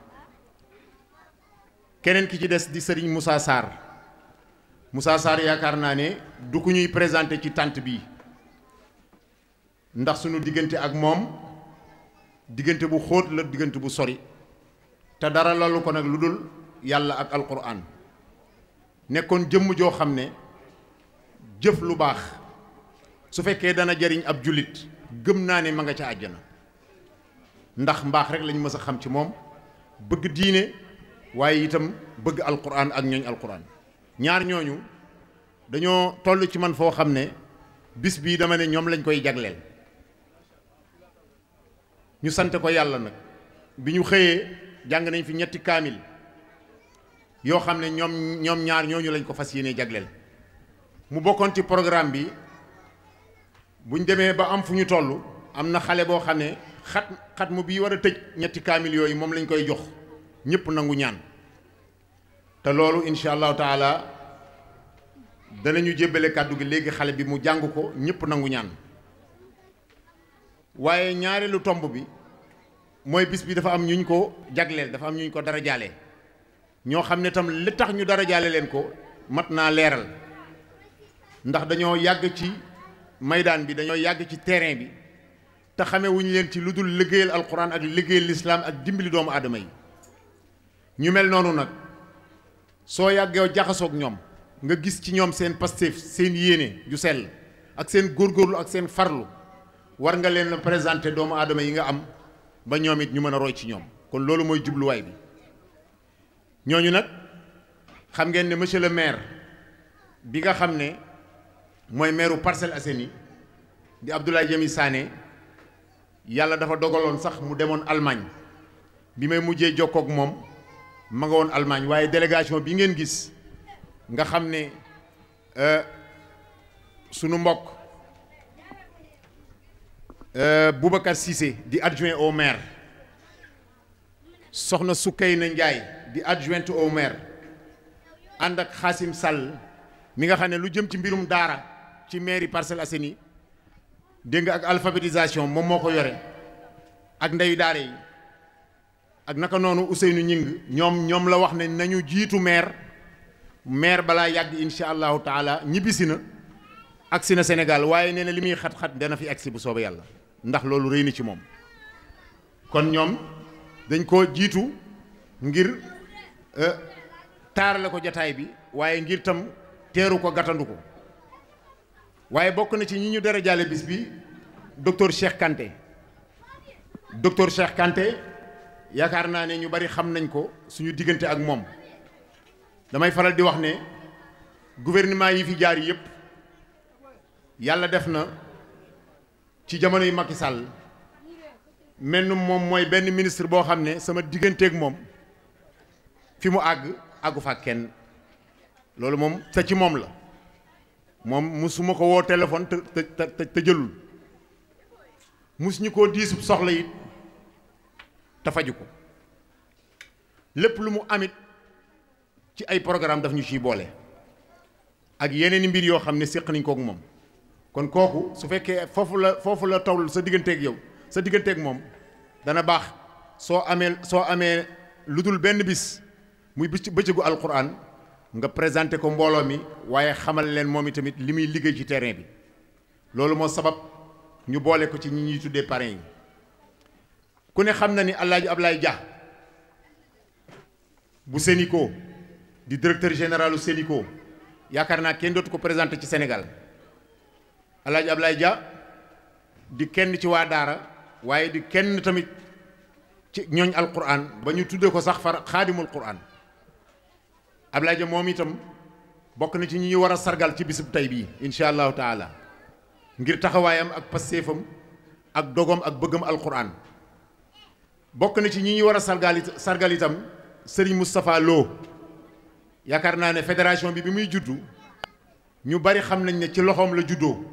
keneen ki ci des di sëriñ Moussa saar Moussa Sarr yaakaar naa ne du ku ñuy présenté ci tànt bi ndax suñu diggante ak moom diggante bu xóot la diggante bu sori te dara lalu ko nag lu dul yàlla ak alquran nekkoon jëmm joo xam ne jëf lu baax su fekkee dana jariñ ab jullit gëm naa ne ma nga ca àjjana ndax mbaax rek lañ mës a xam ci moom bëgg diine waaye itam bëgg alquran ak ñooñ alquran ñaar ñooñu dañoo toll ci man foo xam ne bis bii dama ne ñoom lañ koy jagleel ñu sante ko yàlla nag bi ñu xëyee jàng nañ fi ñetti kaamil yoo xam ne ñoom ñoom ñaar ñooñu lañ ko fas yéene jagleel mu bokkoon ci programme bi buñ demee ba am fu ñu toll am na xale boo xam ne xat xat mu bii war a tëj ñetti kaamil yooyu moom lañ koy jox ñëpp nangu ñaan te loolu incha allahu taala ñu jébbale kàddu gi léegi xale bi mu jàng ko ñëpp nangu ñaan waaye ñaareelu tomb bi mooy bis bi dafa am ñu ñu ko jagleel dafa am ñu ñu ko dara jaale ñoo xam ne tam li tax ñu dara jaale leen ko mat naa leeral ndax dañoo yàgg ci maydaan bi dañoo yàgg ci terrain bi te xamee leen ci lu dul liggéeyal alxuraan ak liggéeyal lislaam ak dimbali doomu aadama yi ñu mel noonu nag soo yàggee jaxasoog ñoom nga gis ci ñoom seen pastéef seen yéene ju sell ak seen góorgóorlu ak seen farlu war nga leen présenter doomu aadama yi nga am ba ñoom it ñu mën a roy ci ñoom kon loolu mooy jubluwaay bi ñooñu nag xam ngeen ne monsieur le maire bi nga xam ne mooy maireu Parcelles Assainies di Abdoulaye Diémy Sané yàlla dafa dogaloon sax mu demoon Allemagne bi may mujjee jokkoog moom ma nga woon Allemagne waaye délégation bi ngeen gis nga xam ne euh, sunu mbokk euh, Boubacar Cissé di adjoint au maire soxna Soukeyna Ndiaye di adjointe au maire ànd ak Xaasim Sall mi nga xam ne lu jëm ci mbirum daara ci mairie Parcelles Assainies dégg nga ak alphabétisation moom moo ko yore ak ndeyu daara yi ak naka noonu Ousseynou Gningue ñoom ñoom la wax ne nañu jiitu maire maire balaa yàgg incha allahu taala ñibbisi na agsi na Sénégal waaye nee na li muy xat-xat dana fi agsi bu soobee yàlla ndax loolu rëy na ci moom kon ñoom dañ koo jiitu ngir Euh, taar ko jataay bi waaye ngir tam teeru ko gàttandu ko waaye bokk na ci ñi ñu dara jaale bis bi docteur Cheikh Kanté docteur Cheikh Kanté yaakaar naa ne ñu bari xam nañ ko suñu diggante ak moom damay faral di wax ne gouvernement yi fi jaar yépp yàlla def na ci jamono yi Macky Sall mel ni moom mooy benn ministre boo xam ne sama diggante ak moom fi mu àgg àggu fa kenn loolu moom sa ci moom la moom musuma ko woo téléphone te te te jëlul mus ñu koo diisub soxla it te faju ko lépp lu mu amit ci ay programme daf ñu ciy boole ak yeneen mbir yoo xam ne séq nañ kook moom kon kooku su fekkee foofu la foofu la tawlu sa digganteeg yow sa digganteeg moom dana baax soo amee soo amee lu dul benn bis muy bëcc ci bëccëgu alquran nga présenté ko mbooloo mi waaye xamal leen moom tamit li muy liggéey ci terrain bi loolu moo sabab ñu boole ko ci ñi ñuy tuddee parrain yi ku ne xam na ni Alaaji Ablaye Dia bu Sénico di directeur généralu Sénico yaakaar naa kenn dootu ko présenté ci Sénégal Alaaji Ablaye Dia di kenn ci waa daara waaye di kenn tamit ci ñooñ alquran ba ñu tuddee ko sax far xaadimul quran Ablaye Dia moom itam bokk na ci ñi ñu war a sargal ci bisub tey bii incha allahu taala ngir taxawaayam ak pastéefam ak dogom ak bëggam alxuraan bokk na ci ñi ñu war a sargal sargal itam Serigne Moustapha Lo yaakaar naa ne fédération bi bi muy juddu ñu bari xam nañ ne ci loxoom la juddoo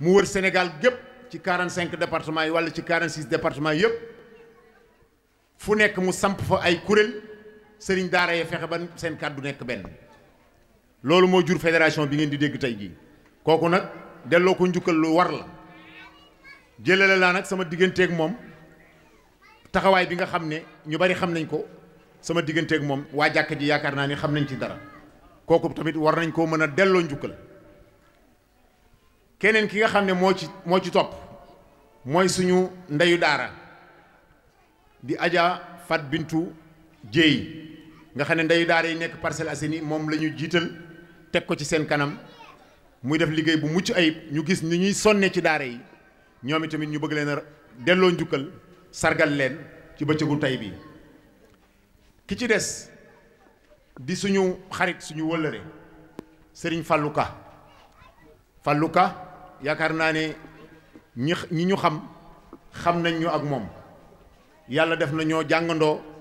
mu wër Sénégal gépp ci 45 départements yi wala ci 46 départements yëpp fu nekk mu samp fa ay kuréel. sëriñ daara yee fexe ba seen kàddu nekk benn loolu moo jur fédération bi ngeen di dégg tey jii kooku nag delloo ko njukkal lu war la jëlale laa nag sama digganteeg moom taxawaay bi nga xam ne ñu bari xam nañ ko sama digganteeg moom waa jàkka ji yaakaar naa ni xam nañ ci dara kooku tamit war nañ koo mën a delloo njukkal keneen ki nga xam ne moo ci moo ci topp mooy suñu ndeyu daara di ajaa Fat Bintu Jéey nga xam ne ndeyu daara yi nekk Parcelles Assainies moom la ñu jiital teg ko ci seen kanam muy def liggéey bu mucc ayib ñu gis ni ñuy sonnee ci daara yi ñoom itamit ñu bëgg leen a delloo njukkal sargal leen ci bëccëgu tey bi ki ci des di suñu xarit suñu wëllëre sëriñ Fallou Ka Fallou Ka yaakaar naa ne ñi ñi ñu xam xam nañ ñu ak moom yàlla def na ñoo jàngandoo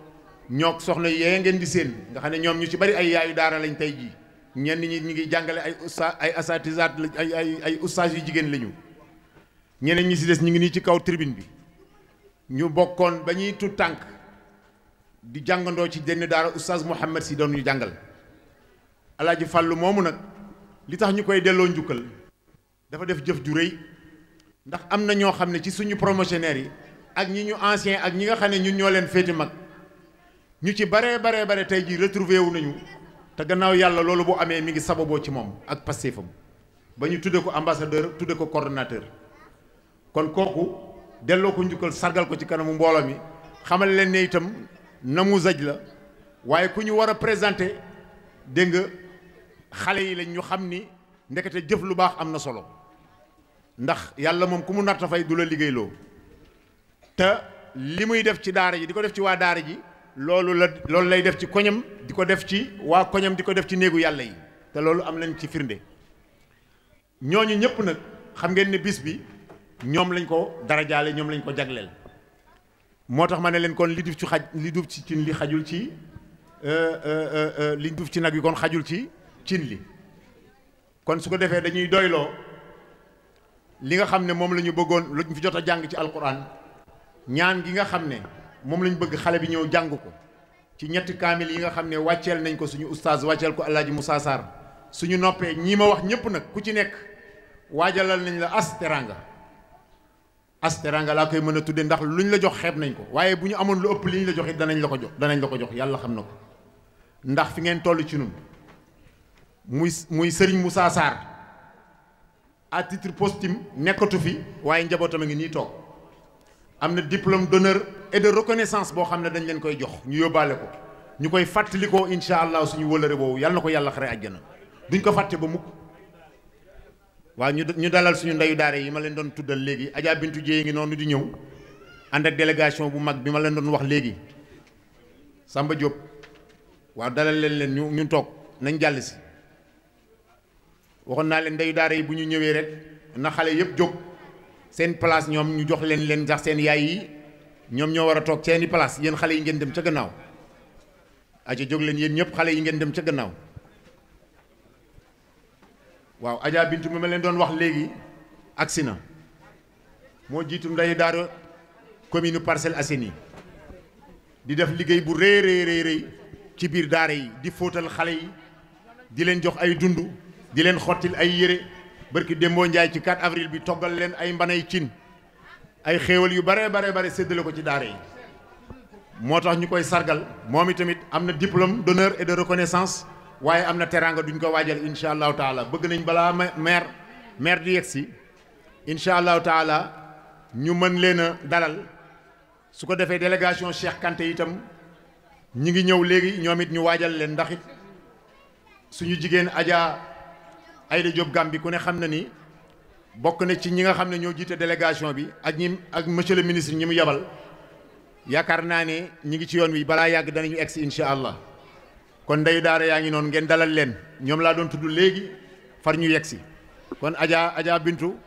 ñoog soxna yee ngeen di séen nga xam ne ñoom ñu ci bari ay yaayu daara lañ tey jii ñenn ñi ñu ngi jàngale ay ussa ay asatisaat ay ay ay ustaas yu jigéen lañu ñeneen ñi si des ñu ngi nii ci kaw tribune bi ñu bokkoon ba ñuy tut tànk di jàngandoo ci jenn daara ustaas Mouhamed si doon ñu jàngal alaaji fàllu moomu nag li tax ñu koy delloo njukkal dafa def jëf ju rëy ndax am na ñoo xam ne ci suñu promotionnaire yi ak ñi ñu ancien ak ñi nga xam ne ñun ñoo leen féeti mag ñu ci baree baree bare tey jii retrouvé wu nañu te gannaaw yàlla loolu bu amee mi ngi sababoo ci moom ak pastéefam ba ñu tudde ko ambassadeur tuddee ko coordonnateur kon kooku delloo ko njukkal sargal ko ci kanamu mbooloo mi xamal leen ne itam namu zaj la waaye ku ñu war a présenté dégg nga xale yi lañ ñu xam ni ndekete jëf lu baax am na solo ndax yàlla moom ku mu natta fay du la liggéeyloo te li muy def ci daara ji di ko def ci waa daara ji loolu la loolu lay def ci koñam di ko def ci waa koñam di ko def ci néegu yàlla yi te loolu am nañ ci firnde ñooñu ñëpp nag xam ngeen ne bis bi ñoom lañ ko darajaale ñoom lañ ko jagleel moo tax ma ne leen kon li duf ci xaj li duf ci cin li xajul ci euh, euh, euh, li duf ci nag yi kon xajul ci cin li kon su ko defee dañuy doyloo li nga xam ne moom la ñu bëggoon lu ñu fi jot a jàng ci alquran ñaan gi nga xam ne moom lañ bëgg xale bi ñëw jàng ko ci ñetti kaamil yi nga xam ne wàcceel nañ ko suñu oustaz wàcceel ko Alaaji Moussa Sarr suñu noppee ñii ma wax ñëpp nag ku ci nekk waajalal nañ la as asteranga as laa koy mën a tuddee ndax luñ la jox xeeb nañ ko waaye bu ñu amoon lu ëpp liñ la jox danañ la ko jox danañ la ko jox yàlla xam na ko ndax fi ngeen toll ci nun muy muy sëriñ Moussa Sarr à titre nekkatu fi waaye njabootam a ngi nii toog. am na diplôme d'honneur et de reconnaissance boo xam ne dañ leen koy jox ñu yóbbaale ko ñu koy fàttalikoo incha allah suñu wëlëre boobu yàlla na ko yàlla xare àjjana duñ ko fàtte ba mukk waa ñu ñu dalal suñu ndeyu daara yi ma leen doon tuddal léegi Adja Bintu Dieye ngi noonu di ñëw ànd ak délégation bu mag bi ma leen doon wax léegi Samba Diop waaw dalal leen leen ñu ñu toog nañ jàll si waxoon naa leen ndeyu daara yi bu ñu ñëwee rek na xale yëpp jóg. seen place ñoom ñu jox leen leen sax seen yaay yi ñoom ñoo war a toog seeni place yéen xale yi ngeen dem ca gannaaw aja jóg leen yéen ñëpp xale yi ngeen dem ca gannaaw waaw Adja Bintu mi ma leen doon wax léegi agsi na moo jiitu ndeyu daara commune Parcelles Assainies di def liggéey bu rëy rëy rëy ci biir daara yi di fóotal xale yi di leen jox ay dund di leen xottil ay yére bërki démboo njaay ci 4 avril bi toggal leen ay mbanay cin ay xéewal yu bare bare bare séddale ko ci daara yi moo tax ñu koy sargal moom itamit am na diplôme d'honneur et de reconnaissance waaye am na teraanga duñ ko waajal incha allahu taala bëgg nañ balaa maire maire di yegsi incha allahu taala ñu mën leen a dalal su ko defee délégation Cheikh Kanté itam ñi ngi ñëw léegi ñoom it ñu waajal leen ndax it suñu jigéen Adja. Aïda Diop Gambi ku ne xam na ni bokk na ci ñi nga xam ne ñoo jiita délégation bi ak ñi ak monsieur le ministre ñi mu yabal yaakaar naa ne ñi ngi ci yoon wi balaa yàgg danañu egg si incha allah kon ndeyu daara yaa ngi noonu ngeen dalal leen ñoom laa doon tudd léegi far ñu yegg si kon ajaa ajaa Bintu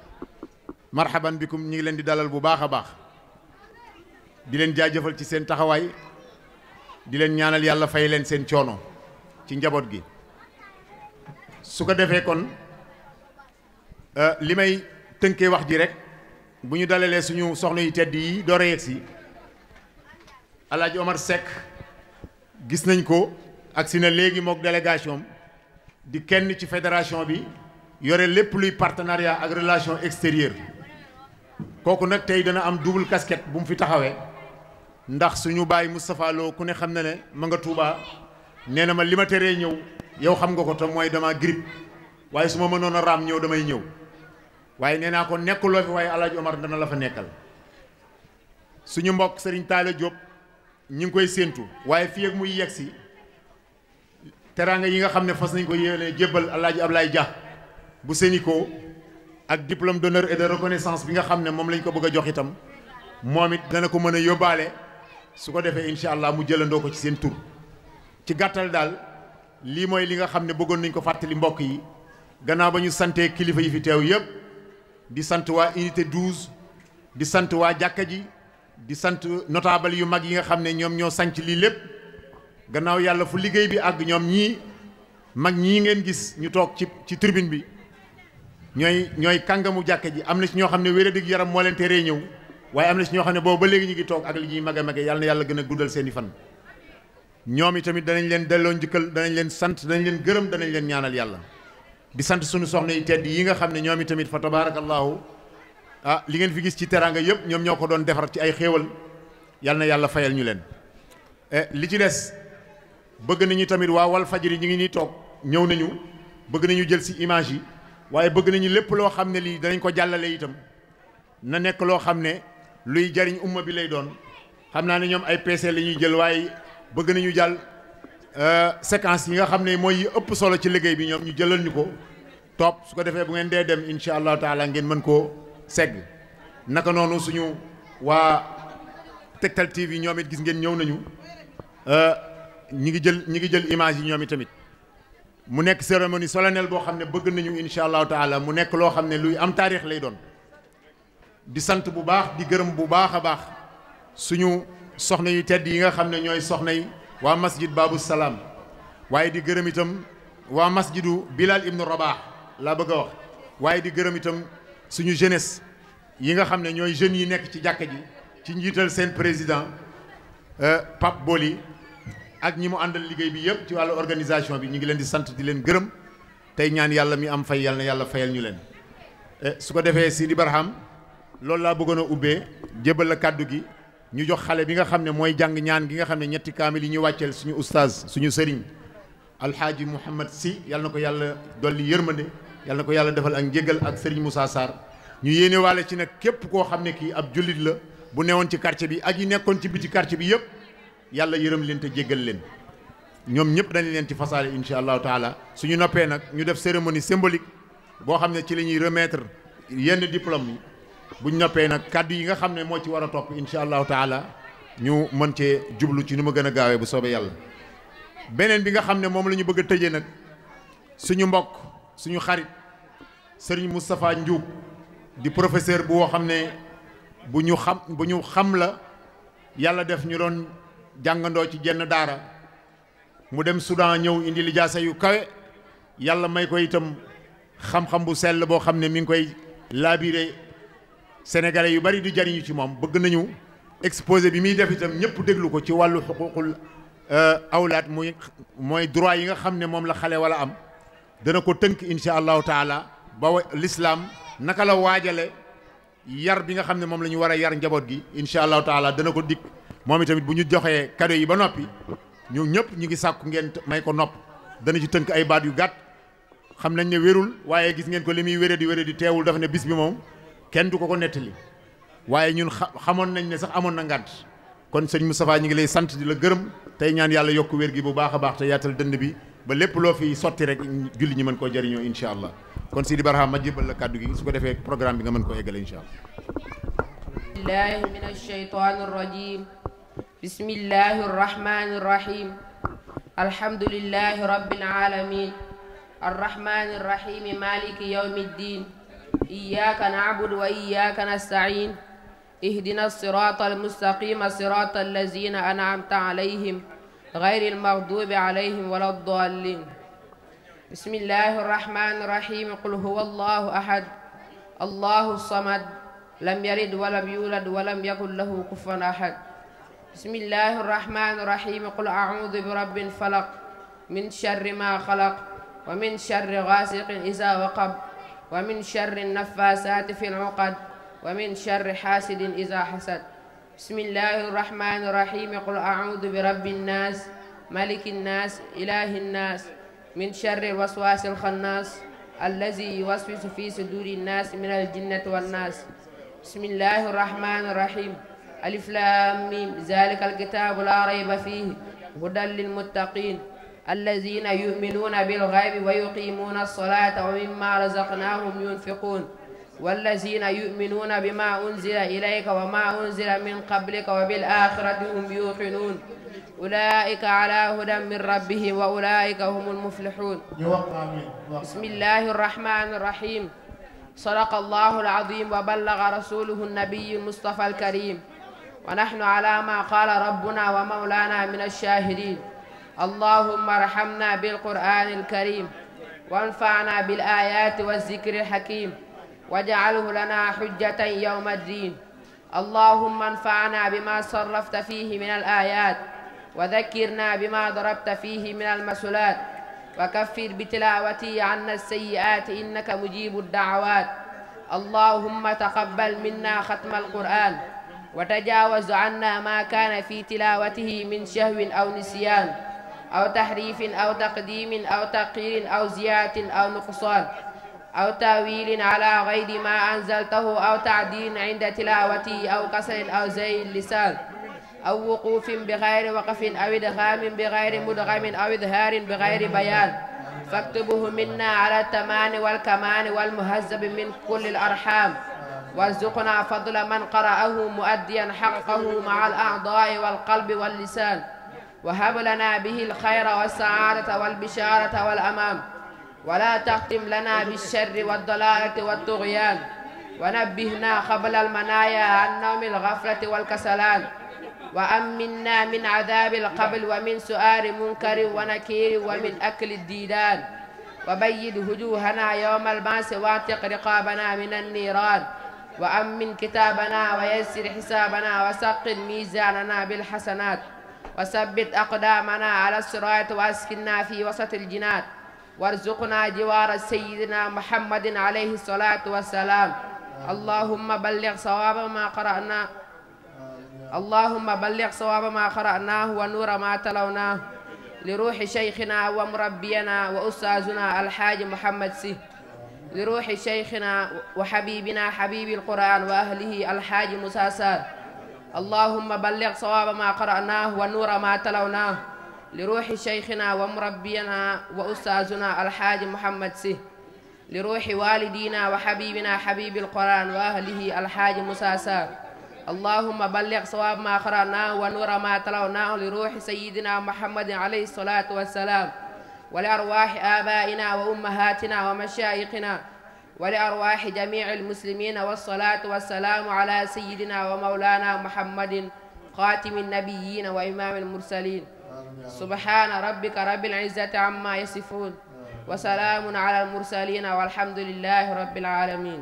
bi bikum ñi ngi leen di dalal bu baax a baax di leen jaajëfal ci seen taxawaay di leen ñaanal yàlla fay leen seen coono ci njaboot gi. su ko defee kon euh, li may tënkee wax ji rek bu ñu dalalee suñu soxna yu tedd yi door a yegsi Alaaji Omar Seck gis nañ ko agsi na léegi mook délégation di kenn ci fédération bi yore lépp luy partenariat ak relation extérieure kooku nag tey dana am double casquette bu mu fi taxawee ndax suñu bàyyi Moustapha ku ne xam na ne ma nga Touba nee na ma li ma teree ñëw yow xam nga ko tam mooy dama grippe waaye su ma mënoon a raam ñëw damay ñëw waaye nee naa ko nekkuloo fi waaye Alaaji Omar dana la fa nekkal suñu mbokk Serigne Talla Diop ñi ngi koy séentu waaye fii ak muy yegg si teraanga yi nga xam ne fas nañ ko yéene jébbal Alaaji Ablaye Dia bu Sénico ak diplôme d'honneur et de reconnaissance bi nga xam ne moom lañ ko bëgg a jox itam moom it dana ko mën a yóbbaale su ko defee incha allah mu jëlandoo ko ci seen tur ci gàttal daal. lii mooy li nga xam ne bëggoon nañ ko fàttali mbokk yi gannaaw ba ñu santee kilifa yi fi teew yëpp di sant waa unité 12 di sant waa jàkka ji di sant notable yu mag yi nga xam ne ñoom ñoo sanc lii lépp gannaaw yàlla fu liggéey bi àgg ñoom ñii mag ñii ngeen gis ñu toog ci ci tribune bi ñooy ñooy kàngamu jàkka ji am na ci ñoo xam ne wér-a-dig yaram moo leen teree ñëw waaye am na si ñoo xam ne boobu ba léegi ñu ngi toog ak li ñuy mag a mage yàlla yàlla gën a guddal seen fan ñoom tamit danañ leen delloo njukkal danañ leen sant danañ leen gërëm danañ leen ñaanal yàlla di sant suñu soxna yi tedd yi nga xam ne ñoom itamit fa tabaarakallaahu ah li ngeen fi gis ci teraanga yëpp ñoom ñoo ko doon defar ci ay xéewal yal na yàlla fayal ñu leen eh, li ci des bëgg nañu tamit waa wal fajri ñu ngi nii toog ñëw nañu bëgg nañu jël si image yi waaye bëgg nañu lépp loo xam ne lii danañ ko jàllale itam na nekk loo xam ne luy jariñ umma bi lay doon xam naa ne ñoom ay PC la ñuy jël waaye bëgg nañu jàll euh, séquence yi nga xam ne mooy ëpp solo ci liggéey bi ñoom ñu jëlal ñu ko topp su ko defee bu ngeen dee dem incha allahu taala ngeen mën koo segg naka noonu suñu waa teg Tektal TV ñoom it gis ngeen ñëw nañu euh, ñi ngi jël ñi ngi jël image yi ñoom i tamit mu nekk cérémonie solennelle boo xam ne bëgg nañu incha allahu taala mu nekk loo xam ne luy am taarix lay doon di sant bu baax di gërëm bu baax a baax suñu. soxna yu tedd yi nga xam ne ñooy soxna yi waa masjid baabu salaam waaye di gërëm itam waa masjidu Bilal ibnu Rabah laa bëgg a wax waaye di gërëm itam suñu jeunesse yi nga xam ne ñooy jeunes yi nekk ci jàkka ji ci njiital seen président euh, Pape Boli ak ñi mu àndal liggéey bi yëpp ci wàllu organisation bi ñu ngi leen di sant di leen gërëm tey ñaan yàlla mi am fay yàlla na yàlla fayal ñu leen euh, su ko defee Sidi Barham loolu laa bëggoon a ubbee jébal la kàddu gi ñu jox xale bi nga xam ne mooy jàng ñaan gi nga xam ne ñetti kaamil yi ñuy wàcceel suñu ustaaz suñu sëriñ alxaaji Mouhamad si yàlla na ko yàlla dolli yërmande yàlla na ko yàlla defal ak njégal ak sëriñ Moussa Sarr ñu yéene waale ci nag képp koo xam ne kii ab jullit la bu newoon ci quartier bi ak yi nekkoon ci biti quartier bi yëpp yàlla yërëm leen te jéggal leen ñoom ñëpp dañ leen ci fasaale incha allahu taala suñu noppee nag ñu def cérémonie symbolique boo xam ne ci la ñuy remettre yenn diplôme buñ noppee nag kàddu yi nga xam ne moo ci war a topp incha allahu taala ñu mën cee jublu ci nu ma gën a gaawee bu soobee yàlla beneen bi nga xam ne moom la ñu bëgg a tëjee nag suñu mbokk suñu xarit sëriñ Moustapha Ndioub di professeur bu woo xam ne bu ñu xam bu ñu xam la yàlla def ñu doon jàngandoo ci jenn daara mu dem Soudan ñëw indi lijaasa yu kawe yàlla may ko itam xam-xam bu sell boo xam ne mi ngi koy laabire sénégalais yu bari di jariñu ci moom bëgg nañu exposé bi muy def itam ñëpp déglu ko ci wàllu xuququl euh, awlaat muy mooy droit yi nga xam ne moom la xale wala am dana ko tënk insha allahu taala ba lislaam naka la waajale yar bi nga xam ne moom la ñu war a yar njaboot gi insha allahu taala dana ko dikk moom itamit bu ñu joxee cadeau yi ba noppi ñu ñëpp ñu ngi sàkku ngeen may ko nopp dana ci tënk ay baat yu gàtt xam nañ ne wérul waaye gis ngeen ko li muy wéré di wéré di teewul dafa ne bis bi moom kenn du ko ko nettali waaye ñun xamoon nañ ne sax amoon na ngànt kon sañ sëñ Moustapha ñu ngi lay sant di la gërëm tey ñaan yàlla yokk wér gi bu baax a baax te yaatal dënn bi ba lépp loo fi sotti rek julli ñi mën koo jëriñoo incha allah kon Sidi Barham ma jébbal la kàddu gi su ko defee programme bi nga mën koo eggale incha allah billahi min alsheytan arrajim bismillahi arrahmani arrahim alhamdulillahi rabbil alamin arrahmani arrahim maliki إياك نعبد وإياك نستعين اهدنا الصراط المستقيم صراط الذين أنعمت عليهم غير المغضوب عليهم ولا الضالين بسم الله الرحمن الرحيم قل هو الله أحد الله الصمد لم يلد ولم يولد ولم يكن له كفوا أحد بسم الله الرحمن الرحيم قل أعوذ برب الفلق من شر ما خلق ومن شر غاسق إذا وقب ومن شر النفاسات في العقد ومن شر حاسد إذا حسد بسم الله الرحمن الرحيم قل أعوذ برب الناس ملك الناس إله الناس من شر الوسواس الخناس الذي يوسوس في صدور الناس من الجنة والناس بسم الله الرحمن الرحيم ألف لام ميم ذلك الكتاب لا ريب فيه هدى للمتقين الذين يؤمنون بالغيب ويقيمون الصلاة ومما رزقناهم ينفقون والذين يؤمنون بما أنزل إليك وما أنزل من قبلك وبالآخرة هم يوقنون أولئك على هدى من ربهم وأولئك هم المفلحون بسم الله الرحمن الرحيم صدق الله العظيم وبلغ رسوله النبي المصطفى الكريم ونحن على ما قال ربنا ومولانا من الشاهدين اللهم ارحمنا بالقرآن الكريم وانفعنا بالآيات والذكر الحكيم واجعله لنا حجة يوم الدين اللهم انفعنا بما صرفت فيه من الآيات وذكرنا بما ضربت فيه من المسلات وكفر بتلاوتي عنا السيئات إنك مجيب الدعوات اللهم تقبل منا ختم القرآن وتجاوز عنا ما كان في تلاوته من شهو أو نسيان aw tahrifin aw taqdimin aw taqirin aw ziyatin aw nuqsaan aw tawilin ala gayri ma anzaltahu aw taadilin inda tilawati aw kasrin aw zayin lisan aw wuqufin bi gayri waqfin aw idgamin bi gayri mudgamin aw idharin bi gayri bayan فاكتبه منا على التمان والكمان والمهذب من كل الأرحام وارزقنا فضل من قرأه مؤديا حقه مع الأعضاء والقلب واللسان وهب لنا به الخير والسعادة والبشارة والأمام ولا تختم لنا بالشر والضلالة والطغيان ونبهنا قبل المنايا عن نوم الغفلة والكسلان وأمنا من عذاب القبل ومن سؤال منكر ونكير ومن أكل الديدان وبيد وجوهنا يوم البعث واعتق رقابنا من النيران وأمن كتابنا ويسر حسابنا وسقل ميزاننا بالحسنات وثبت أقدامنا على الصراط وأسكننا في وسط الجنان وارزقنا جوار سيدنا محمد عليه الصلاة والسلام اللهم بلغ صواب ما قرأنا اللهم بلغ صواب ما قرأناه ونور ما تلوناه لروح شيخنا ومربينا وأستاذنا الحاج محمد سي لروح شيخنا وحبيبنا حبيب القرآن وأهله الحاج مساسات allahumma balligh sawaaba maa qara'naahu wa nuura maa talawnaahu li ruuxi sheykhina wa murabbiyana wa ustaazuna alxaaji muhammad si li ruuxi waalidina wa xabibina xabibi alquran wa ahlihi alxaaji musa saar allahumma balligh sawaaba maa qara'naahu wa nuura maa talawnaahu li ruuxi sayidina muhammadin alayhi salaatu wassalaam wa li arwaaxi aabaa'ina wa ummahaatina wa mashaayixina wa li arwaaxi jamici almuslimina walsalaatu walsalaamu ala sayidina wa maulana muhammadin xaatimi nabiyina wa imaami almursalin subhaana rabbika rabbil izzati amma yasifuun wa salaamun ala almursalina walhamdulilahi rabbil alamin